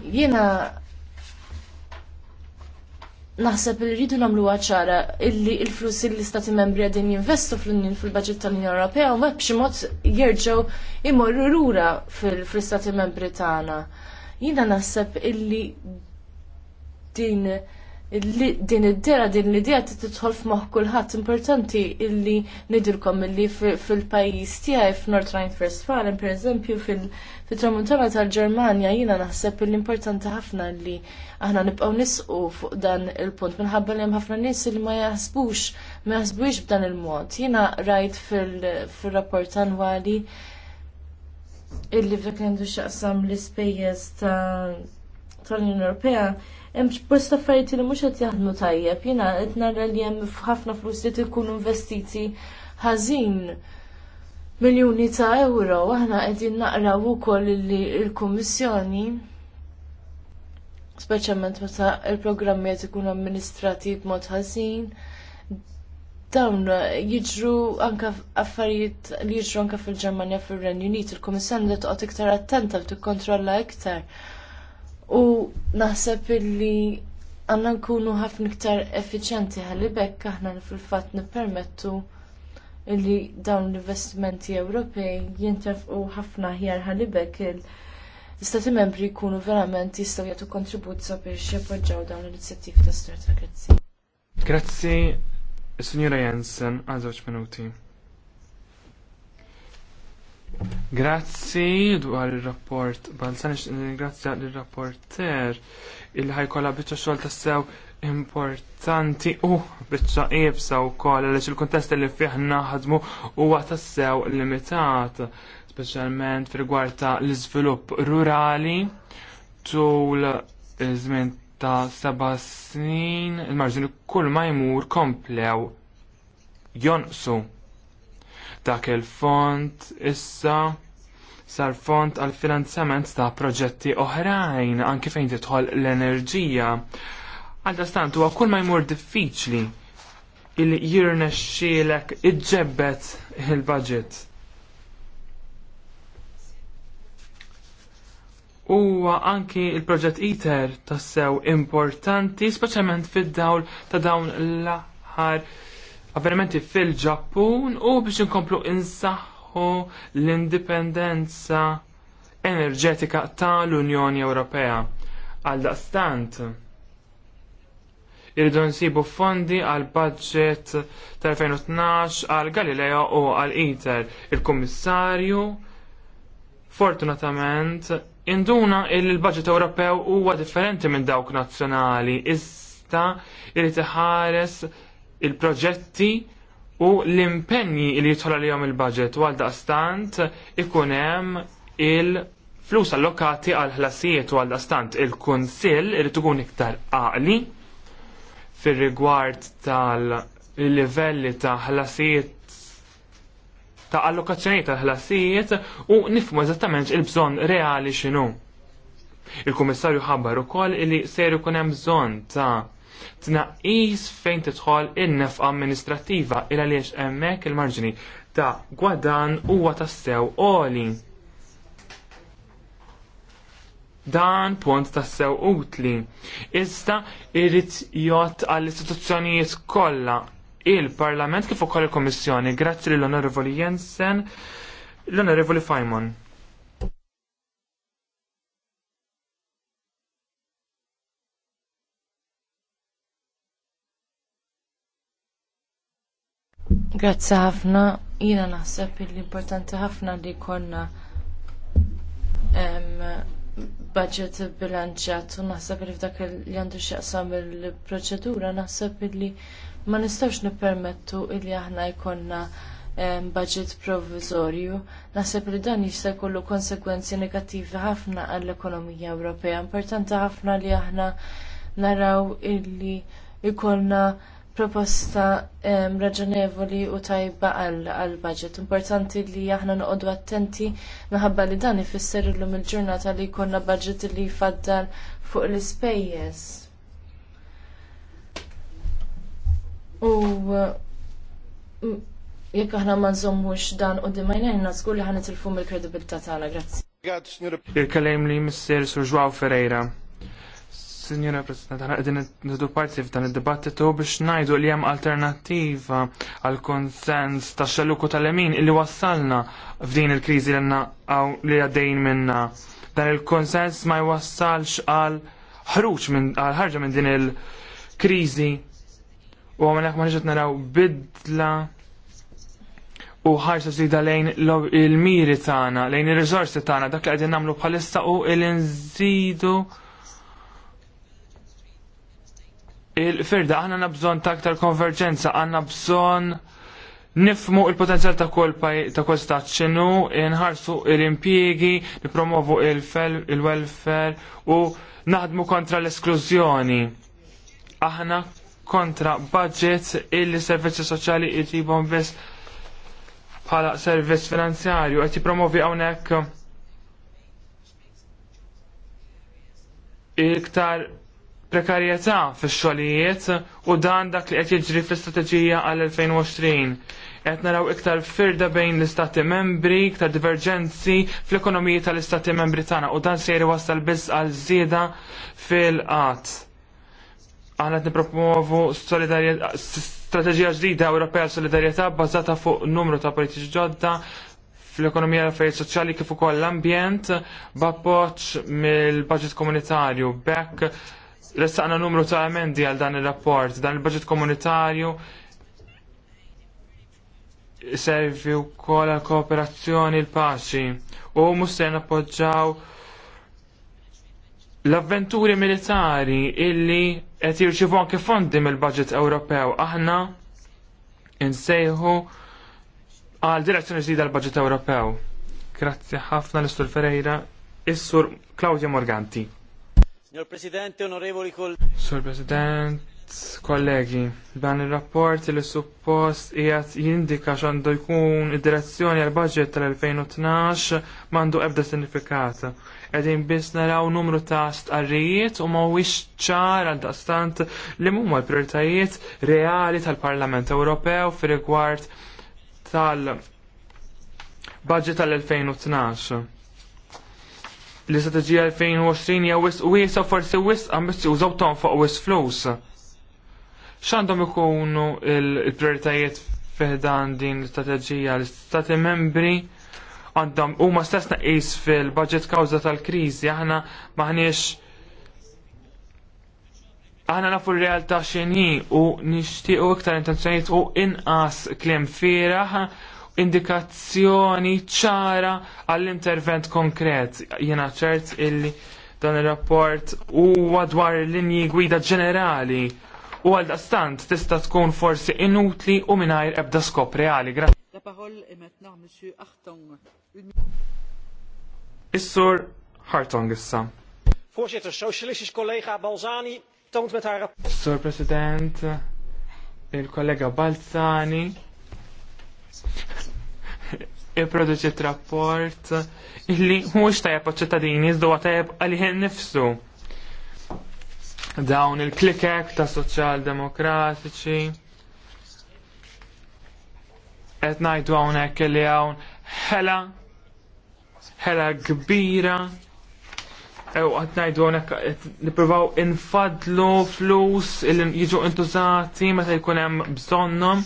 Jiena naħseb li rridu nagħmlu ċara illi il-flus li stati membri għadin jinvestu fl-Unjoni fil-Baġit tal-Unjoni Ewropea u b'xi mod jerġgħu imorru lura fl-istati membri tagħna. Jiena naħseb illi din li din id-dera din l-idea titħol f'moħħ kulħadd importanti illi nidilkom illi fil-pajjiż tiegħi f'Nord Rhine-Westfalen pereżempju fil-tramuntana tal-Ġermanja jiena naħseb li importanti ħafna li aħna nibqgħu nisqu fuq dan il-punt minħabba li hemm ħafna nies li ma jaħsbux ma jaħsbux b'dan il-mod. Jiena rajt fil-rapport annwali illi f'dak li għandu x'aqsam l-ispejjeż ta' tal-Unjoni Ewropea hemm bosta affarijiet li mhux qed jaħdmu tajjeb. Jiena qed nara li hemm ħafna flus li tkun investiti ħażin miljuni ta' euro. Aħna qegħdin naqraw ukoll li l-Kummissjoni speċjalment meta il-programmi qed ikunu amministrati b'mod ħażin dawn jiġru anka affarijiet li jiġru anka fil-Ġermanja fil-Renju Unit, il-Kummissjoni li toqgħod iktar attenta li tikkontrolla iktar u naħseb illi għanna nkunu ħafna iktar effiċenti ħalli aħna fil-fatt nippermettu li dawn l-investimenti Ewropej jintefqu ħafna ħjar ħalibek l il-Stati membri jkunu verament jistgħu jagħtu kontribut sabiex jappoġġaw dawn l-inizjattivi ta' storta grazzi. Grazzi, Signora Jensen, għal żewġ minuti. Grazzi dwar il-rapport. Balzan ringrazzja il-rapporter illi ħajkolla bieċa xogħol tassew importanti u bieċa ibsa u koll għaliex il-kontest li fih naħdmu huwa tassew limitat, speċjalment fil gwarta ta' l-iżvilupp rurali tul żmien ta' seba' snin il-marġini kull ma jmur komplew jonqsu. Dak il-font issa sar font għal finanzjament ta' proġetti oħrajn anke fejn titħol l-enerġija. Għaldastant huwa kull ma jmur diffiċli il jirnexxielek iġġebbet il-budget. Huwa anki il-proġett ITER tassew importanti, speċjalment fid-dawl ta' dawn l-aħħar avvenimenti fil-Ġappun u biex inkomplu insaħħu l-indipendenza enerġetika tal-Unjoni Ewropea. Għal daqstant, irridu nsibu fondi għal budget tal-2012 għal Galileo u għal ITER. Il-Kummissarju fortunatament induna il budget Ewropew huwa differenti minn dawk nazzjonali. Ista irrid iħares il-proġetti u l-impenni li jitħol jom il-budget u għal ikun hemm il-flus allokati għal ħlasijiet u għaldaqstant il-kunsill irid ikun iktar għaqli fir-rigward tal-livelli ta' ħlasijiet ta' allokazzjoni ta' ħlasijiet u nifmu eżattament il-bżonn reali x'inhu. Il-Kummissarju ħabbar ukoll li ser jkun hemm bżonn ta' tnaqqis fejn tidħol in nef amministrattiva il għaliex hemmhekk il-marġini ta' gwadan huwa tassew għoli. Dan punt tassew utli. Ista irrit jgħod għall-istituzzjonijiet kollha il-Parlament kif ukoll il-Kommissjoni, grazzi lill onorevoli Jensen, l-Onorevoli Fajmon. Grazzi ħafna. Jina naħseb l-importanti ħafna li jkollna budget bilanċjat u naħseb li f'dak li għandu x'jaqsam il-proċedura naħseb li ma nistgħux nippermettu li aħna jkollna budget provviżorju. Naħseb li dan jista' jkollu konsegwenzi negattivi ħafna għall-ekonomija Ewropea. Importanti ħafna li aħna naraw illi jkollna proposta um, raġonevoli u tajba għall budget Importanti li aħna noqogħdu attenti minħabba li dan ifisser illum il-ġurnata li jkollna budget li jfaddal fuq l-ispejjeż. U jekk aħna ma nżommux dan u dimajnejna żgur li ħanet il-fum il kredibilta tagħna, grazzi. Il-kalem li Mr. Surġwaw Ferreira. Signora President, għana għedin nidu parti f'dan id-dibattitu biex najdu li jem alternativa għal konsens ta' xalluku tal-emin illi wassalna f'din il-krizi li għaddejn minna. Dan il-konsens ma jwassalx għal ħruċ minn għal ħarġa minn din il-krizi u għamil ma nġet naraw bidla u ħarġa zida lejn il-miri tagħna, lejn ir-riżorsi tagħna, dak li qegħdin nagħmlu bħalissa u il-nżidu. il-firda għanna nabżon ta' aktar konverġenza, għanna bżon nifmu il-potenzjal ta' kol ta' kol stat ċenu, nħarsu il-impiegi, nipromovu il-welfare u naħdmu kontra l-esklużjoni. Aħna kontra budget il-servizzi soċjali jtibom biss bħala servizz finanzjarju, għet jipromovi għonek iktar prekarjetà fix-xogħlijiet u dan dak li qed jiġri fl-istrateġija għal 2020. Qed naraw iktar firda bejn l-istati membri, iktar diverġenzi fl-ekonomiji tal-istati membri tagħna u dan se wasal biss għal żieda fil-qatt. Aħna qed nippromovu strateġija ġdida Ewropea solidarjetà bbażata fuq numru ta' politiċi ġodda fl-ekonomija l-affarijiet soċjali kif ukoll l-ambjent b'appoġġ mill-baġit komunitarju. Bekk Ressaqna numru ta' emendi għal dan il-rapport, dan il-budget komunitarju servi u kol għal kooperazzjoni l-paċi u muster appoġġaw l-avventuri militari illi qed jirċivu anke fondi mill-budget Ewropew. Aħna insejħu għal direzzjoni ġdida l-budget Ewropew. Grazzi ħafna l-Istur Ferreira, Is-Sur Claudia Morganti. Signor Presidente, onorevoli colleghi. Sur President, kollegi, dan il-rapport li suppost jgħat jindika xandu jkun id-direzzjoni għal budget tal-2012 mandu ebda sinifikat. Għedin bis naraw numru ta' stqarrijiet u wix ċar għal-dastant li mumma l-prioritajiet reali tal-Parlament Ewropew fi rigward tal-budget tal-2012 l-istrateġija 2020 hija wis u forsi wis ambizjuża u tonfoq wis flus. X'għandhom ikunu l-prioritajiet fiħdan din l-istrateġija l-istati membri għandhom huma stess naqis fil-budget kawża tal-kriżi aħna maħniex aħna nafu r-realtà x'inhi u nixtiequ iktar intenzjonijiet u inqas kliem fieraħ indikazzjoni ċara għall-intervent konkret. Jena ċert illi dan il-rapport huwa dwar linji gwida ġenerali u għal dastant tista' tkun forsi inutli u mingħajr ebda skop reali. Is-sur Hartong issa. Voorzitter, socialistisch collega Balzani toont met haar... Sur President, il-kollega Balzani i-produċi trapport illi mux tajab ċittadini iżdu tajab għalihin nifsu. Dawn il-klikek ta' soċjal-demokratiċi. Et najdu għawnek li għawn ħela, ħela kbira. u għad najdu għonek niprovaw infadlu flus il-jiġu intużati meta jkun hemm bżonnhom.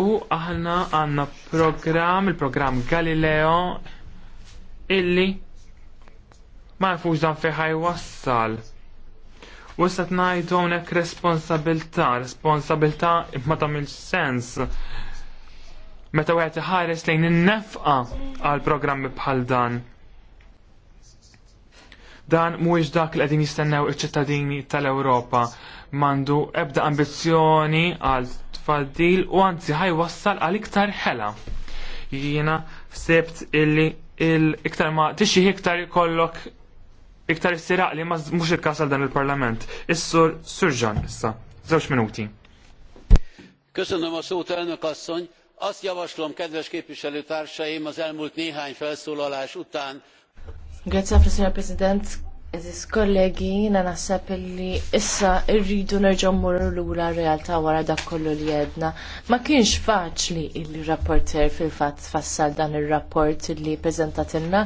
U aħna għanna program, il-program Galileo, illi ma jafux dan fiħaj wassal. U issa tnajdu hawnhekk responsabilta, responsabilta ma tagħmilx sens. Meta wieħed iħares lejn in-nefqa għal programmi bħal dan. Dan mhuwiex dak li qegħdin jistennew iċ-ċittadini tal-Ewropa m'għandu ebda ambizzjoni għal dil u anzi ħaj wassal għal iktar ħela. Jiena sebt illi il-iktar ma tixi iktar kollok iktar sira li ma mux il-kasal dan il-parlament. Is-sur Surġan issa. Zewġ minuti. Köszönöm a szót, elnök asszony. Azt javaslom, kedves képviselőtársaim, az elmúlt néhány felszólalás után. Grazie, President Eżis kollegi, jina naħseb illi issa irridu nerġgħu morru lura r-realtà wara dak kollu li jedna. Ma kienx faċli illi rapporter fil-fatt tfassal dan ir-rapport li illi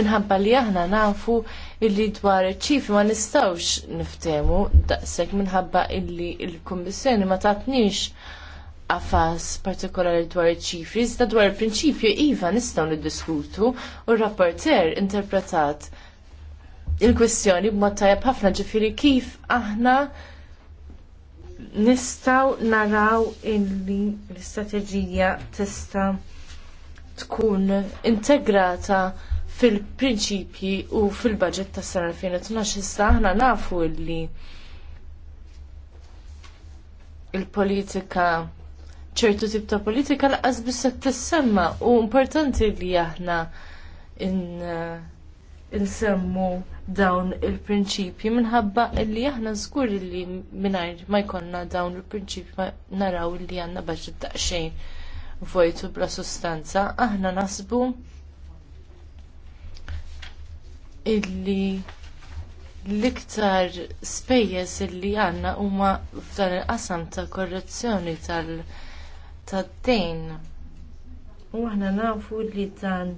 minħabba li aħna nafu illi dwar ċifi ma nistgħux niftemu daqshekk minħabba illi l-Kummissjoni ma tatnix għafas partikolari dwar iċ-ċifri, iżda dwar il-prinċipju iva nistgħu niddiskutu u r-rapporter interpretat il-kwistjoni b'mod tajjeb ħafna ġifiri kif aħna nistgħu naraw illi l-istrateġija tista' tkun integrata fil-prinċipji u fil-budget tas sena 2012 issa aħna nafu illi il-politika ċertu tip ta' politika laqas biss qed tissemma u importanti li aħna insemmu in dawn il-prinċipji minħabba li aħna żgur li mingħajr ma jkollna dawn il-prinċipji ma naraw li għandna baġġet daqsxejn vojtu bla sustanza, aħna nasbu illi l-iktar spejjeż illi għandna huma f'dan il-qasam ta' korrezzjoni tad-dejn. U aħna nafu li dan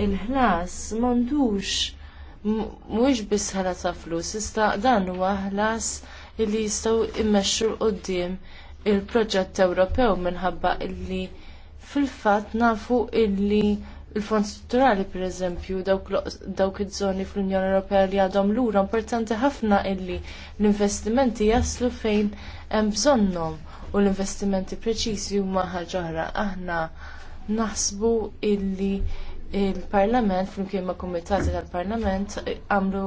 il-ħlas m'għandux mhuwiex biss ħala ta' flus, iżda dan huwa ħlas li jistgħu immexxu quddiem il-proġett Ewropew minħabba illi fil-fatt nafu illi il-fond strutturali pereżempju dawk iż-żoni fl-Unjoni Ewropea li għadhom lura importanti ħafna illi l-investimenti jaslu fejn hemm bżonnhom u l-investimenti preċiżi huma ħaġa oħra aħna naħsbu illi il-Parlament, flimkien ma' kumitati tal-Parlament, għamlu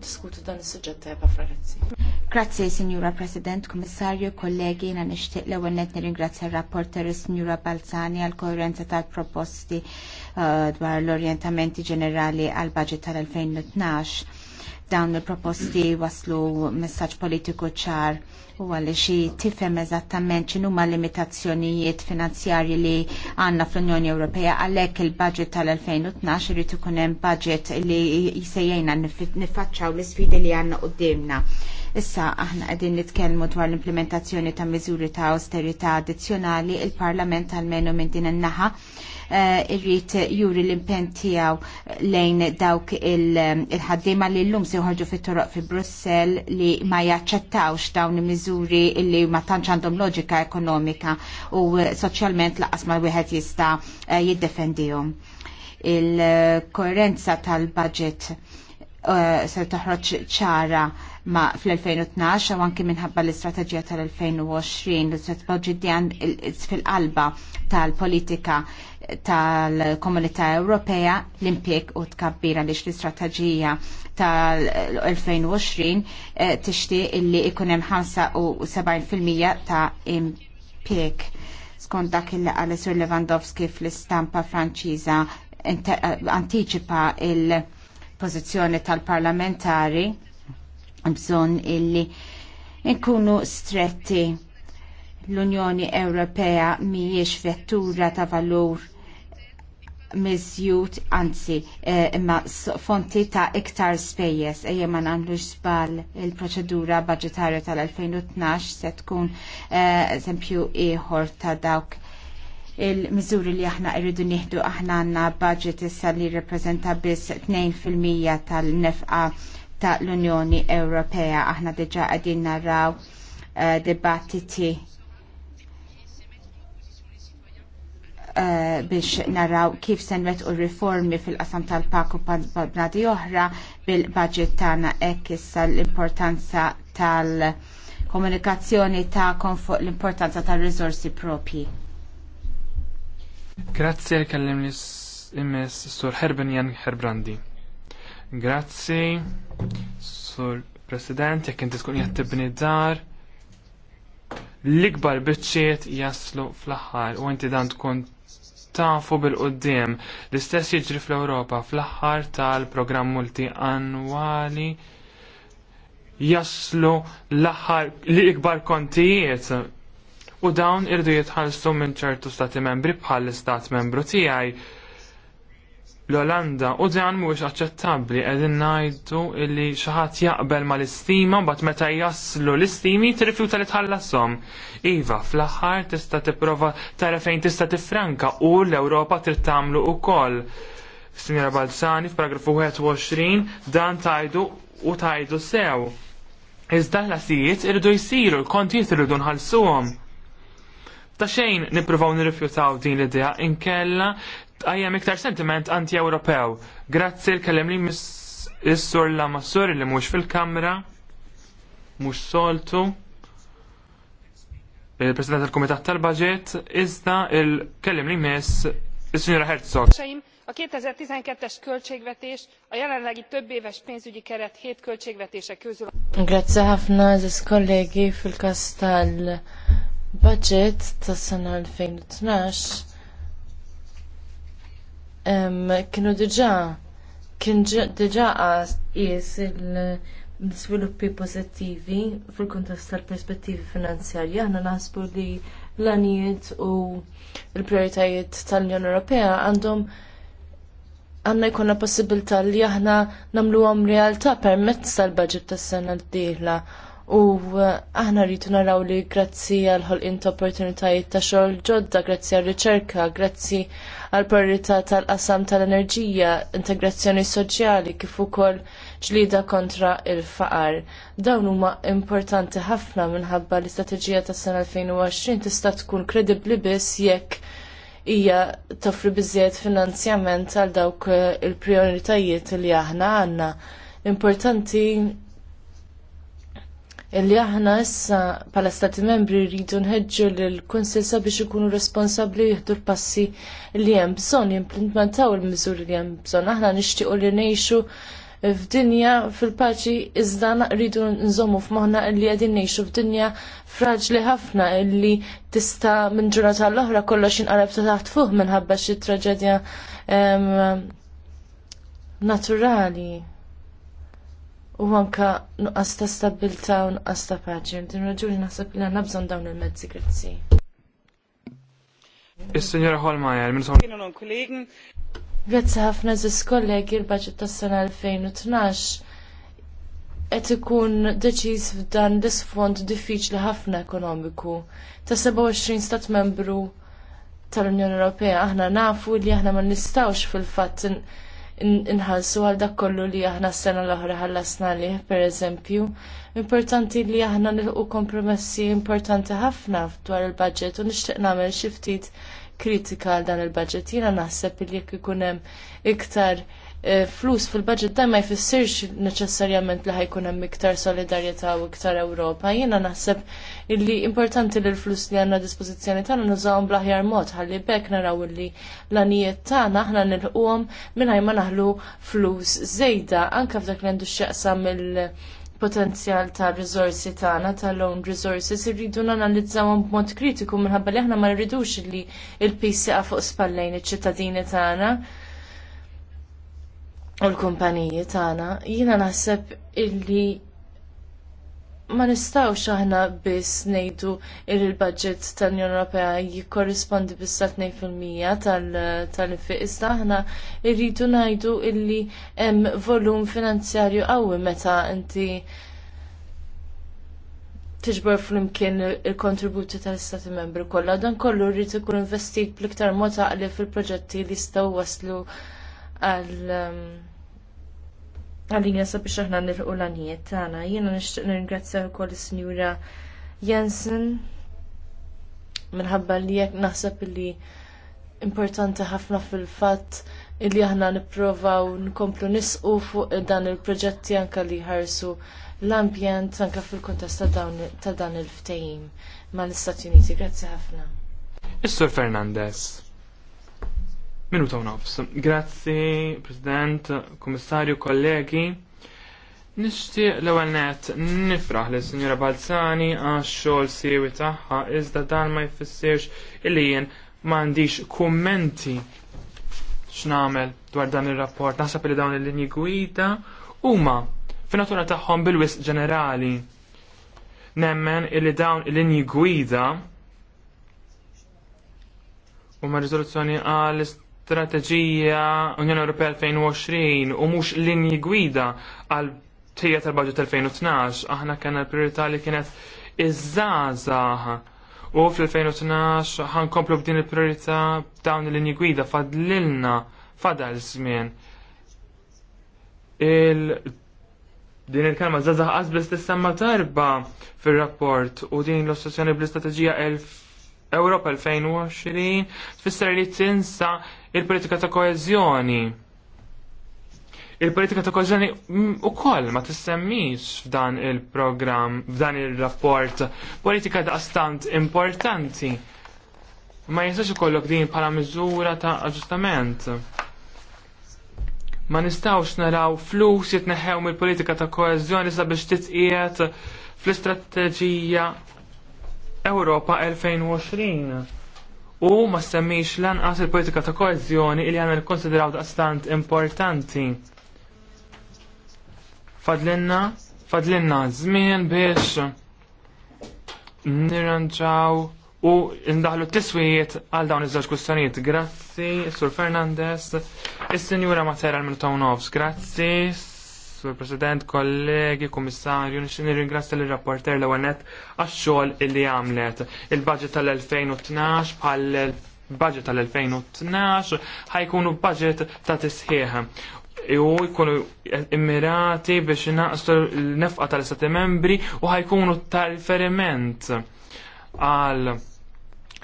diskutu dan is-suġġett ta' Frazzi. Grazzi, Signora President, Kommissarju, kollegi, na nixtieq l-ewwel net nirringrazzja r-rapporter Signora Balzani għal koerenza tal-proposti uh, dwar l-orientamenti ġenerali għal budget tal-2012. Dawn il-proposti waslu messaġġ politiku ċar u xie tifhem eżattament x'inhu ma limitazzjonijiet finanzjarji li għandna fl-Unjoni Ewropea għalhekk il-budget tal-2012 irid ikun hemm budget li jsejjejna nifacċaw l-isfidi li għandna qudiemna Issa aħna qegħdin nitkellmu dwar l-implementazzjoni ta' miżuri ta' austerità addizzjonali il-Parlament għalmenu minn din in-naħa eh, irrit juri l-impen tijaw lejn dawk il-ħaddima li l-lum siħorġu fit toroq fi Brussel li ma jaċċettawx dawn il-mizuri li ma tantx għandhom loġika ekonomika u soċjalment laqas ma wieħed jista' eh, jiddefendihom. Il-korrenza tal-budget eh, se toħroġ ċara ma fl-2012 u anki minħabba l-istrateġija tal-2020 li s-setbaw ġidjan fil-qalba tal-politika tal-Komunità Ewropea l-impjeg u tkabbira għaliex l-istrateġija tal-2020 eh, tixti illi ikunem 75% ta' impjeg. Skont dak il Alessio sur Lewandowski fl-istampa franċiża eh, antiċipa il-pozizjoni tal-parlamentari bżon illi nkunu stretti l-Unjoni Ewropea mhijiex vettura ta' valur miżjud anzi eh, imma fonti ta' iktar spejjeż ejja ma nagħmlux żball il-proċedura budġetarja tal-2012 se tkun eh, eżempju ieħor ta' dawk il miżuri li aħna irridu nieħdu aħna għandna budget issa li jirrappreżenta biss 2% tal-nefqa ta' l-Unjoni Ewropea. Aħna diġa għadin narraw uh, eh, dibattiti uh, biex naraw kif senwet u riformi fil-qasam tal-paku b'nadi oħra bil-budget tagħna hekk issa l-importanza tal-komunikazzjoni ta' konfu l-importanza tal rizorsi propi. Grazie kellim l imes Sur Herben Jan Herbrandi. Grazzi, Sur President, jekk inti tkun qed tibni dar, l-ikbar biċċiet jaslu fl-aħħar u inti dan tkun tafu bil-qoddim. L-istess jiġri fl-Ewropa fl-aħħar tal-programm multi-annwali jaslu l-aħħar li ikbar kontijiet u dawn irdu jitħallsu minn ċertu stati membri bħal l-istat membru tiegħi l-Olanda u dan mhuwiex aċċettabbli qegħdin ngħidu li xi ħadd jaqbel mal-istima mbagħad meta jaslu l-istimi tirrifjuta li tħallashom. Iva, fl-aħħar tista' tipprova tara fejn tista' tifranka u l-Ewropa trid tagħmlu wkoll. Sinjora Balzani f'paragrafu 21 dan tajdu u tajdu sew. Iżda l-asijiet irridu jsiru, l-kontijiet irridu nħallsuhom ta' xejn nippruvaw nirrifjutaw din l-idea inkella għajjem iktar sentiment anti-Ewropew. Grazzi l-kellem li mis-sur la massur li mux fil-kamra, mux soltu, il-President tal-Komitat tal baġet iżda il-kellem li mis il-Signora Herzog. A 2012-es költségvetés a jelenlegi több éves pénzügyi keret hét költségvetése közül. Grazie ħafna, ez kollegi kollégi fülkasztal budget tas-sena 2012 kienu diġa' kien għas jis il-sviluppi pożittivi fil-kuntest tal-perspettivi finanzjarja. aħna naħsbu li l-anijiet u l-prioritajiet tal-Unjoni Ewropea għandhom għanna jkunna possibilità li aħna namlu għom realtà permezz tal-budget tas sena d-dihla U eh, aħna rritu naraw li grazzi għal ħolqint opportunitajiet ta' xogħol ġodda, grazzi għal riċerka, grazzi għal priorità tal-qasam tal-enerġija, integrazzjoni soċjali kif ukoll ġlida kontra il-faqar. Dawn huma importanti ħafna minħabba l-istrateġija tas-sena 2020 tista' tkun kredibbli biss jekk hija toffri biżjed finanzjament għal dawk eh, il-prioritajiet li aħna għandna. Importanti illi aħna issa bħala stati membri rridu nħeġġu lill-Kunsill sabiex ikunu responsabbli jieħdu l-passi li hemm bżonn jimplementaw il-miżuri li hemm bżonn. Aħna nixtiequ li ngħixu f'dinja fil-paċi iżda rridu nżommu f'moħna illi għedin nejxu f'dinja fraġli ħafna illi tista minn ġurnata l-oħra kollox inqalab ta' taħt fuq minħabba xi traġedja naturali u anka nuqqas ta' stabilta u nuqqas ta' paċi. Din raġuni naħseb li għandna bżonn dawn il-mezzi grazzi. Is-Sinjora Holmajer, minn son. Grazzi ħafna ziz kollegi il-budget tas-sena 2012 qed ikun deċiż f'dan l-isfond diffiċli ħafna ekonomiku ta' 27 stat membru tal-Unjoni Ewropea aħna nafu li aħna ma nistawx fil-fatt inħallsu għal dak kollu li aħna s-sena l-oħra ħallasna per pereżempju. Importanti li aħna nilqu kompromessi importanti ħafna dwar il-budget u nixtieq nagħmel xi ftit kritika għal dan il-budget. Jiena naħseb li jekk ikun hemm iktar Eh, flus fil-budget dan ma jfissirx neċessarjament li ħajkun hemm iktar solidarjetà u iktar Ewropa. Jiena naħseb illi importanti li l-flus li għandna dispożizzjoni tagħna nużawhom bl-aħjar mod ħalli bekk naraw illi l-anijiet tagħna aħna nilquhom mingħajr ma naħlu flus żejda anke f'dak li għandu x'jaqsam il potenzjal ta' rizorsi tagħna ta' loan resources irridu nanalizzawhom b'mod kritiku minħabba li aħna ma rridux li l-PCA fuq spallejn iċ-ċittadini tagħna u l-kumpaniji tagħna, jiena naħseb illi ma nistawx aħna biss ngħidu il il-budget tal-Unjoni Ewropea jikkorrispondi biss fil-mija tal-infiq iżda aħna rridu ngħidu illi hemm volum finanzjarju qawwi meta inti tiġbor flimkien il-kontributi tal-Istati membri kollha dan kollu rrid ikun investit bl-iktar mod għaqli fil-proġetti li jistgħu waslu għal-linja um, sabiex aħna nilħu l-għanijiet tagħna. Jiena nixtieq nirringrazzja wkoll is njura Jensen minħabba li jekk naħseb li importanti ħafna fil-fatt illi aħna nipprovaw nkomplu nisqu fuq dan il-proġetti anka li ħarsu l-ambjent anke fil-kontest ta' dan il ftejim mal-Istati Uniti. Grazzi ħafna. Is-Sur Fernandez. Minuta ta' nofs. Grazzi, President, Komissarju, kollegi. Nishti l ewwel net nifraħ li Sinjora Balzani għax xogħol siewi tagħha iżda dan ma jfissirx illi jien m'għandix kummenti x'namel dwar dan ir-rapport. Naħseb li dawn il-linji gwida huma ma finatura tagħhom bil-wisq ġenerali. Nemmen illi dawn il-linji gwida ma riżoluzzjoni għal strateġija Unjoni Ewropea 2020 u mhux linji gwida għal tejja tal tal 2012 aħna kena l-priorità li kienet iż-żgħażagħ u fl-2012 ħankomplu b'din il-priorità dawn il-linji gwida fadlilna fadal żmien. Il din il kelma żgħażagħ bl tissemma tarba fir-rapport u din l-ostazzjoni bl-istrateġija Europa 2020 tfisser li tinsa il-politika ta' koezjoni. Il-politika ta' koezjoni u koll ma tissemmix f'dan il-program, f'dan il-rapport, politika da' stant importanti. Ma jistax ikollok din bħala miżura ta' aġustament. Ma nistawx naraw flus jitneħew mill-politika ta' koezjoni sabiex titqiet fl-istrateġija Ewropa 2020 u ma semmix lanqas il-politika ta' koezjoni li għamil konsideraw stant importanti. Fadlinna, fadlinna żmien biex nirranġaw u ndaħlu t-tiswijiet għal dawn iż-żewġ kustanijiet. Grazzi, Sur Fernandez, is-Sinjura Matera l-Miltonofs, grazzi, Sur President, kollegi, komissarju, nirringrazzja l-rapporter l-għanet għax-xogħol illi għamlet. Il-budget tal-2012 bħal budget tal-2012 ħajkunu budget ta' tisħieħ u jkunu immirati biex naqstu l-nefqa tal-istati membri u ħajkunu tal-feriment għal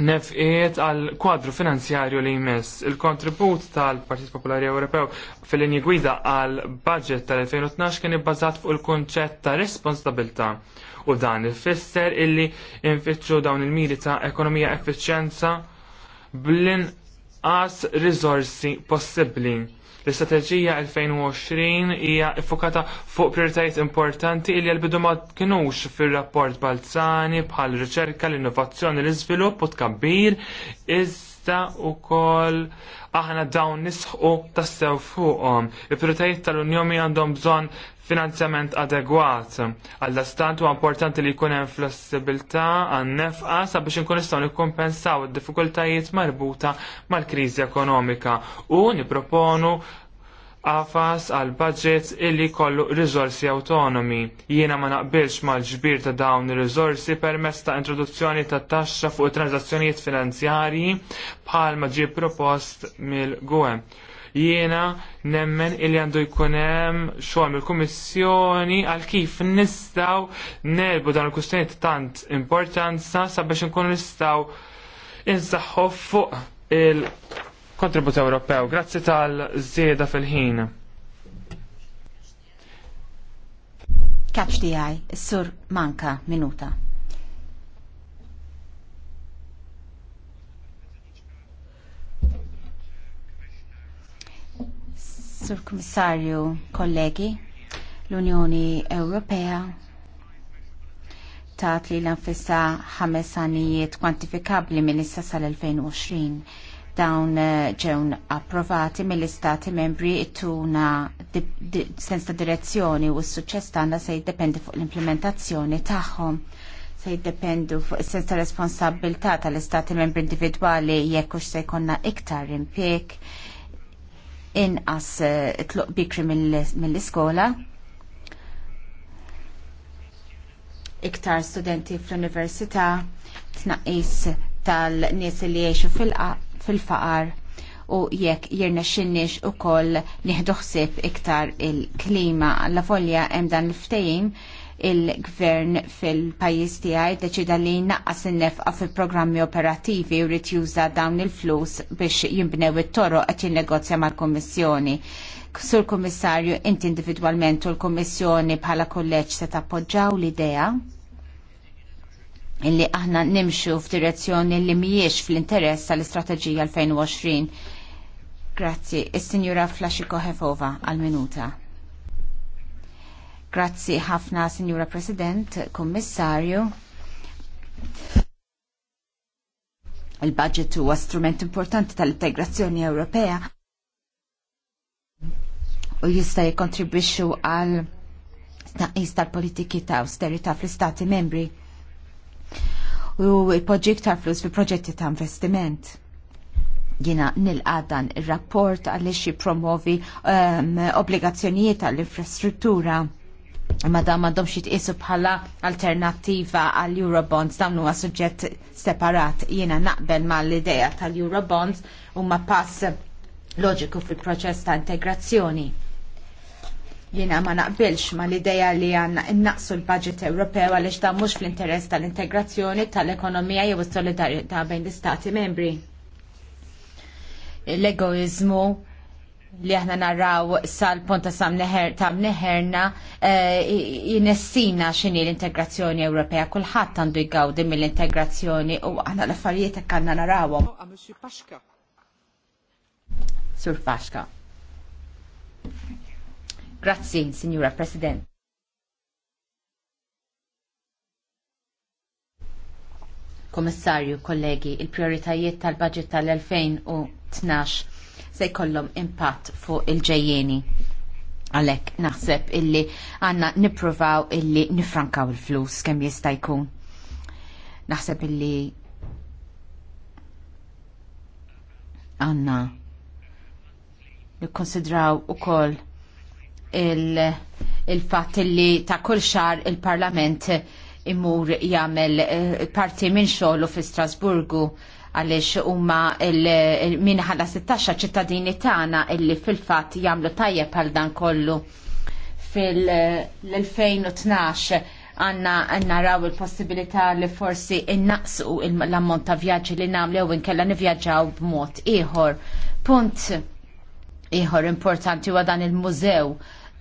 nefqiet għal kwadru finanzjarju li jmiss. Il-kontribut tal-Partit Popolari Ewropew fil-linji gwida għal budget tal-2012 kien ibbażat fuq il-konċett ta' responsabilta u dan ifisser illi infittxu dawn il-miri ta' ekonomija effiċjenza blin as rizorsi possibbli L-istrateġija 2020 hija effokata fuq prioritajiet importanti li għal-bidu ma kinux fil-rapport Balzani bħal riċerka, l-innovazzjoni, l-iżvilupp u tkabbir, iżda wkoll aħna dawn nisħu tassew fuqhom. Il-prioritajiet tal-Unjoni għandhom bżonn finanzjament adegwat. għall stant u importanti li jkun hemm flessibilità għan-nefqa sabiex inkun nistgħu nikkompensaw id-diffikultajiet marbuta mal-kriżi ekonomika u nipproponu għafas għal budget illi kollu rizorsi autonomi. Jiena ma naqbilx mal-ġbir ta' dawn ir-riżorsi permezz ta' introduzzjoni ta' taxxa fuq transazzjonijiet finanzjarji bħal ma ġie propost mill gwen Jiena nemmen il għandu jkun hemm xogħol mill-Kummissjoni għal kif nistgħu nerbu dan il kustjoni tant importanza sabiex nkun nistgħu insaħħu fuq il-kontribut Ewropew. Grazzi tal-żieda fil-ħin. Catch the eye, sur manka minuta. Sur Kummissarju, kollegi, l-Unjoni Ewropea tat li l-anfissa ħames għanijiet kwantifikabli mill-issa sal-2020 dawn eh, ġewn approvati mill-istati membri ittuna sens ta' direzzjoni u s-suċċess tagħna se jiddependi fuq l-implementazzjoni tagħhom se jiddependu fuq is-sens ta' responsabilità tal-istati membri individwali jekk hux se jkollna iktar impjeg inqas eh, tluq bikri mill-iskola. Iktar studenti fl-università, tnaqis tal-nies li jiexu fil-faqar u jekk jirna xinnix u koll nieħdu ħsieb iktar il-klima. La folja hemm dan l ftejim il-gvern fil-pajis tiegħi deċida li naqqas innefqa fil-programmi operattivi u rrid juża dawn il-flus biex jimbnew it-toroq qed jinnegozja mal-Kummissjoni. Sur Kummissarju, inti individwalment u l-Kummissjoni bħala kolleġġ se tappoġġaw l-idea illi aħna nimxu f'direzzjoni li mhijiex fl-interess tal-Istrateġija 2020. Grazzi, is-Sinjura Flashiko Hefova għal-minuta. Grazzi ħafna, Signora President, Kommissarju. Il-budget huwa strument importanti tal-integrazzjoni Ewropea u jista' jikkontribwixxu għal tnaqqis tal-politiki ta' austerità fl-istati membri u jpoġġi iktar flus fi proġetti ta' investiment. Jina nilqa dan ir-rapport għaliex jippromovi um, obbligazzjonijiet għall-infrastruttura ma da mandom xit isu bħala alternativa għal Eurobonds dawn huwa suġġett separat jiena naqbel ma l-ideja tal-Eurobonds u ma pass loġiku fil-proċess ta' integrazzjoni. Jiena ma naqbilx ma l-ideja li għanna innaqsu l-budget Ewropew għaliex da mhux fl-interess tal-integrazzjoni tal-ekonomija jew s-solidarjetà bejn l-istati membri. L-egoizmu li aħna narraw sal-ponta samneħer tam neħerna eh, jinessina xini l-integrazzjoni Ewropea. Kulħadd għandu jgawdi mill-integrazzjoni u aħna l-affarijiet hekk għandna narawhom. Sur Paxka. Grazzi, Signora President. Komissarju, kollegi, il-prioritajiet tal-budget tal-2012 se jkollhom impatt fuq il-ġejjeni. Għalek naħseb illi għanna nipruvaw illi nifrankaw il-flus kemm jista' jkun. Naħseb illi għanna nikkonsidraw ukoll il-fatt il ta' kull xar il-Parlament imur jagħmel eh, parti minn xogħlu fi Strasburgu għaliex huma min ħalla 16 ċittadini tagħna illi fil-fatt jagħmlu tajjeb għal dan kollu fil-2012 għanna naraw il-possibilità li forsi innaqsu l-ammont ta' vjaġġi li namlu jew inkella nivvjaġġaw b'mod ieħor. Punt ieħor importanti huwa dan il-mużew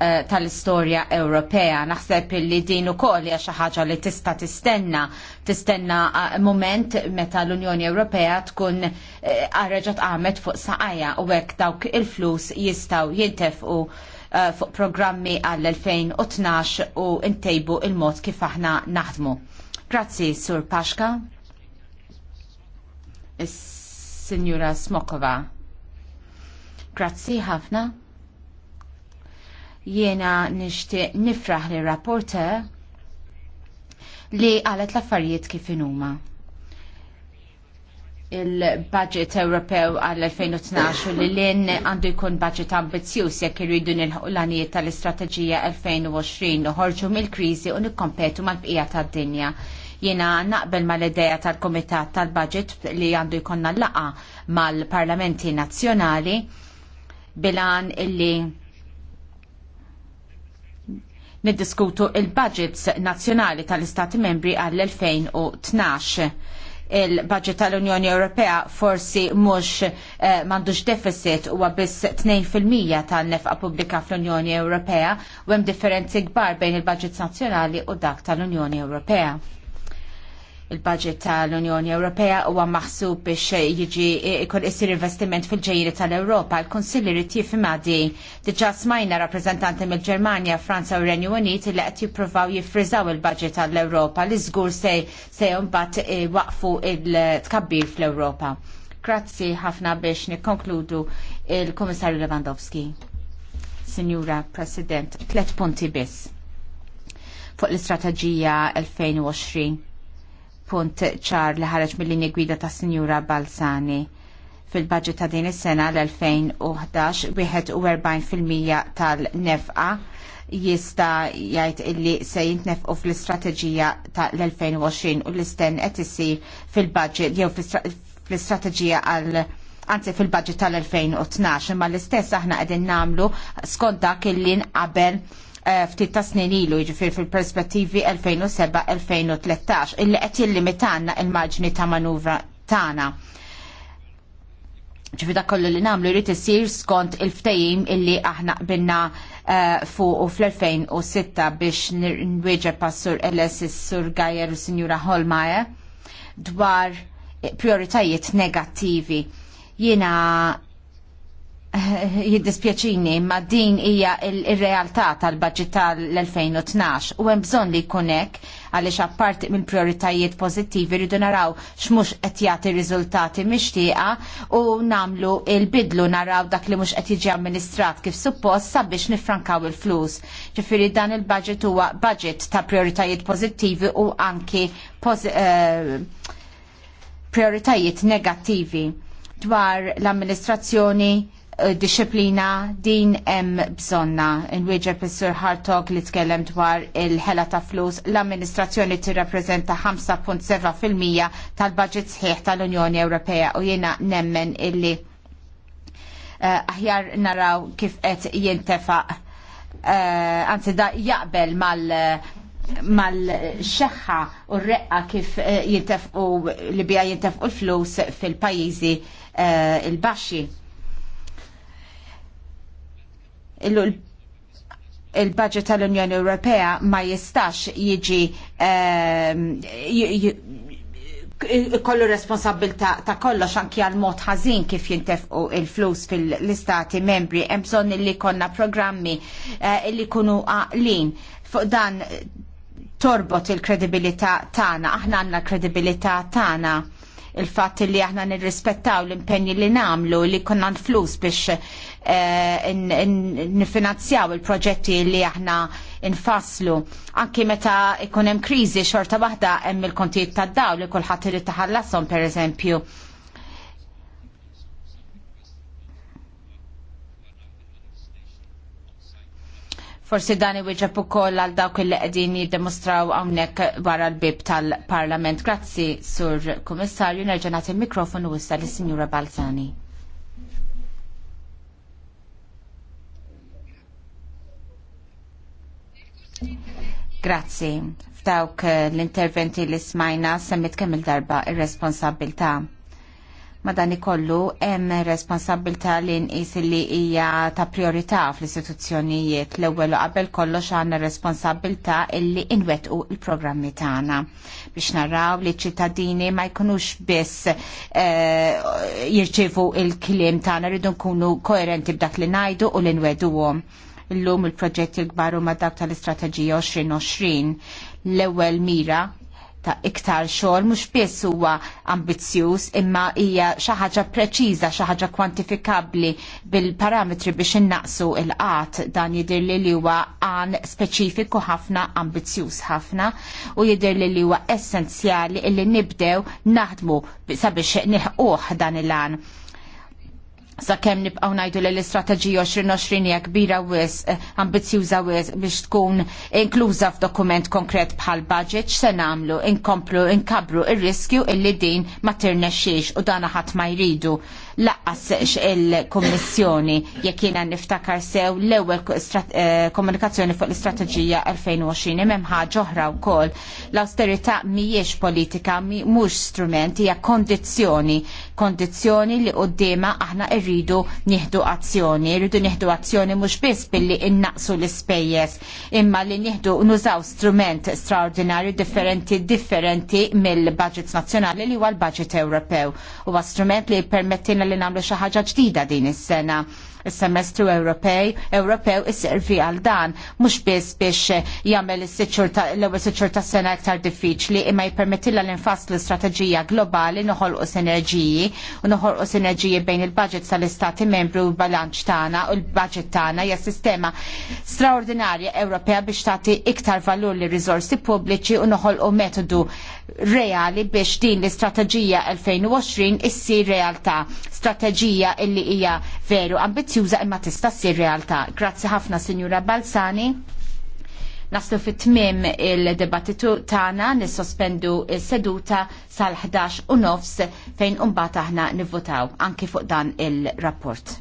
Eh, tal-istorja Ewropea. Naħseb li din ukoll hija xi ħaġa li tista' tistenna, tistenna eh, moment meta l-Unjoni Ewropea tkun għarreġat eh, għamet fuq saqajja u hekk dawk il-flus jistgħu jintefqu fuq programmi għall-2012 u ntejbu il-mod kif aħna naħdmu. Grazzi, Sur Paxka. Sinjura Smokova. Grazzi ħafna. Jiena nixtieq nifraħ li rapporta li għalet l-affarijiet kif inhuma. Il-budget Ewropew għal-2012 li l-in għandu jkun budget ambizjuż jekk irridu nilħu l-għanijiet tal-istrateġija 2020 uħorġu mill-kriżi u nikkompetu mal-bqija tad-dinja. Jiena naqbel mal-ideja tal-Komitat tal-Budget li għandu jkonna laqa mal-Parlamenti Nazzjonali bilan illi niddiskutu il-budgets nazzjonali tal-Istati membri għall-2012. Il-budget tal-Unjoni Ewropea forsi mhux eh, m'għandux deficit huwa biss 2% tan-nefqa pubblika fl-Unjoni Ewropea u hemm differenzi kbar bejn il-budgets nazzjonali u dak tal-Unjoni Ewropea il-budget tal-Unjoni Ewropea huwa maħsub biex jiġi jkun isir investiment fil-ġejjiri tal-Ewropa. il li rittif jifhimadi diġà smajna rappreżentanti mill-Ġermanja, Franza u Renju Unit li qed jippruvaw jiffriżaw il-budget tal-Ewropa li żgur se se bat eh, waqfu il-tkabbir fl-Ewropa. Grazzi ħafna biex nikkonkludu il-Kummissarju Lewandowski. Signora President, tlet punti biss fuq l-istrateġija 2020 punt ċar li ħareġ mill-linja gwida ta' Sinjura Balzani fil-budget ta' din is-sena l-2011 41% tal-nefqa jista jgħid illi se jintnefqu fl-istrateġija tal-2020 u l-isten qed isir fil-budget jew fl-istrateġija għal anzi fil-budget tal-2012 imma l-istess aħna qegħdin nagħmlu skont dak illi nqabel Eh, ftit ta' snin ilu jiġifier fil-perspettivi 2007-2013 illi qed jillimitanna il-marġni ta' manuvra tagħna. Ġifi da' kollu li nagħmlu jrid isir skont il-ftehim illi aħna binna eh, fuq u fl-2006 biex nwieġeb passur sur is-sur Gajer u Sinjura Holmaje dwar prioritajiet negattivi. Jiena Eh, jiddispjaċini ma din hija il-realtà tal-budget tal-2012 u hemm bżonn li jkun hekk għaliex apparti mill prioritajiet pożittivi rridu naraw x'mhux qed jagħti riżultati mixtieqa u namlu il-bidlu naraw dak li mhux qed jiġi amministrat kif suppost sabiex nifrankaw il-flus. Ġifieri dan il-budget huwa budget ta' prioritajiet pożittivi u anki eh, prioritajiet negattivi dwar l-amministrazzjoni disciplina din hemm bżonna. Inwieġeb is-Sur Hartog li tkellem dwar il-ħela ta' flus l-amministrazzjoni tirrappreżenta 5.7% tal-budget sħiħ tal-Unjoni Ewropea u jiena nemmen illi eh, aħjar naraw kif qed jintefaq eh, anzi da jaqbel mal mal-xeħħa u r-reqqa kif eh, jintefqu li bija jintefqu l-flus fil-pajizi il-baxxi il-budget tal-Unjoni Ewropea ma jistax jiġi ehm, kollu responsabilta ta' kollox anki għal mod ħażin kif jintefqu il-flus fil-istati membri hemm bżonn li konna programmi eh, li kunu għaqlin fuq dan torbot il-kredibilità tagħna, aħna għandna kredibilità tagħna il-fatt li aħna nirrispettaw l-impenni li namlu li konna flus biex Eh, nifinanzjaw il-proġetti li aħna infaslu. Anki meta ikun hemm kriżi xorta waħda hemm il-kontijiet tad-dawl li kulħadd irid taħallasom pereżempju. Forsi dan iwieġeb ukoll għal dawk il qegħdin jiddemostraw hawnhekk wara l-bib tal-Parlament. Grazzi, Sur Kummissarju, nerġa' nagħti il-mikrofonu issa lis-Sinjura Balzani. Grazzi. F'dawk eh, l-interventi li smajna semmit kemm il-darba ir-responsabilta. dan ikollu hemm responsabilità li nqis li hija ta' priorità fl-istituzzjonijiet l-ewwel u qabel kollox għandna responsabilità illi nwettqu l-programmi tagħna biex naraw li ċittadini ma jkunux biss eh, jirċievu jirċevu il-kliem tagħna rridu nkunu koerenti b'dak li ngħidu u li nwedduhom. Illum il-proġetti l gbaru ma dak tal-Istrateġija 2020. L-ewwel mira ta' iktar xogħol mhux biss huwa ambizzjuż imma hija xi ħaġa preċiża, xi ħaġa kwantifikabbli bil-parametri biex innaqsu l qat dan jidher li li huwa għan speċifiku ħafna ambizzjuż ħafna u jidher li li huwa essenzjali li nibdew naħdmu sabiex nilħquh dan il-għan sakemm nibqgħu ngħidu li l-istrateġija 2020 hija kbira wis eh, ambizzjuża wis biex tkun inkluża f'dokument konkret bħal budget se nagħmlu inkomplu inkabru ir-riskju illi din ma tirnexxiex u dana ħadd ma jridu laqqas il-Kommissjoni jekk jiena niftakar sew l-ewwel eh, komunikazzjoni fuq l-Istrateġija 2020 hemm ħaġa oħra wkoll. L-austerità mhijiex politika mhux strument hija kondizzjoni, kondizzjoni li qudiema aħna rridu nieħdu azzjoni, rridu nieħdu azzjoni mhux biss billi innaqsu l-ispejjeż, imma li nieħdu nużaw strument straordinarju differenti differenti mill-budgets nazzjonali li huwa l-budget Ewropew. Huwa strument li jippermettilna li namlu xaħġa ġdida din is-sena. Is-semestru Ewropej, Ewropew isservi għal dan, mhux biss biex jagħmel l sitxur siċċur tas-sena iktar diffiċli imma jippermettilha l-infass l-istrateġija globali noħolqu sinerġiji u noħolqu sinerġiji bejn il-budget tal-istati membru u l-bilanċ tagħna u l-budget tagħna hija sistema straordinarja Ewropea biex tagħti iktar valur li rizorsi pubbliċi u noħolqu metodu reali biex din l-istrateġija 2020 issir realtà, strateġija illi hija veru ambizzjuża ambizjuża imma tista' ssir realtà. Grazzi ħafna Sinjura Balsani. Naslu fit-tmim il-debattitu tagħna nissospendu s seduta sal-11 u nofs fejn umbata aħna nivvotaw anki fuq dan il-rapport.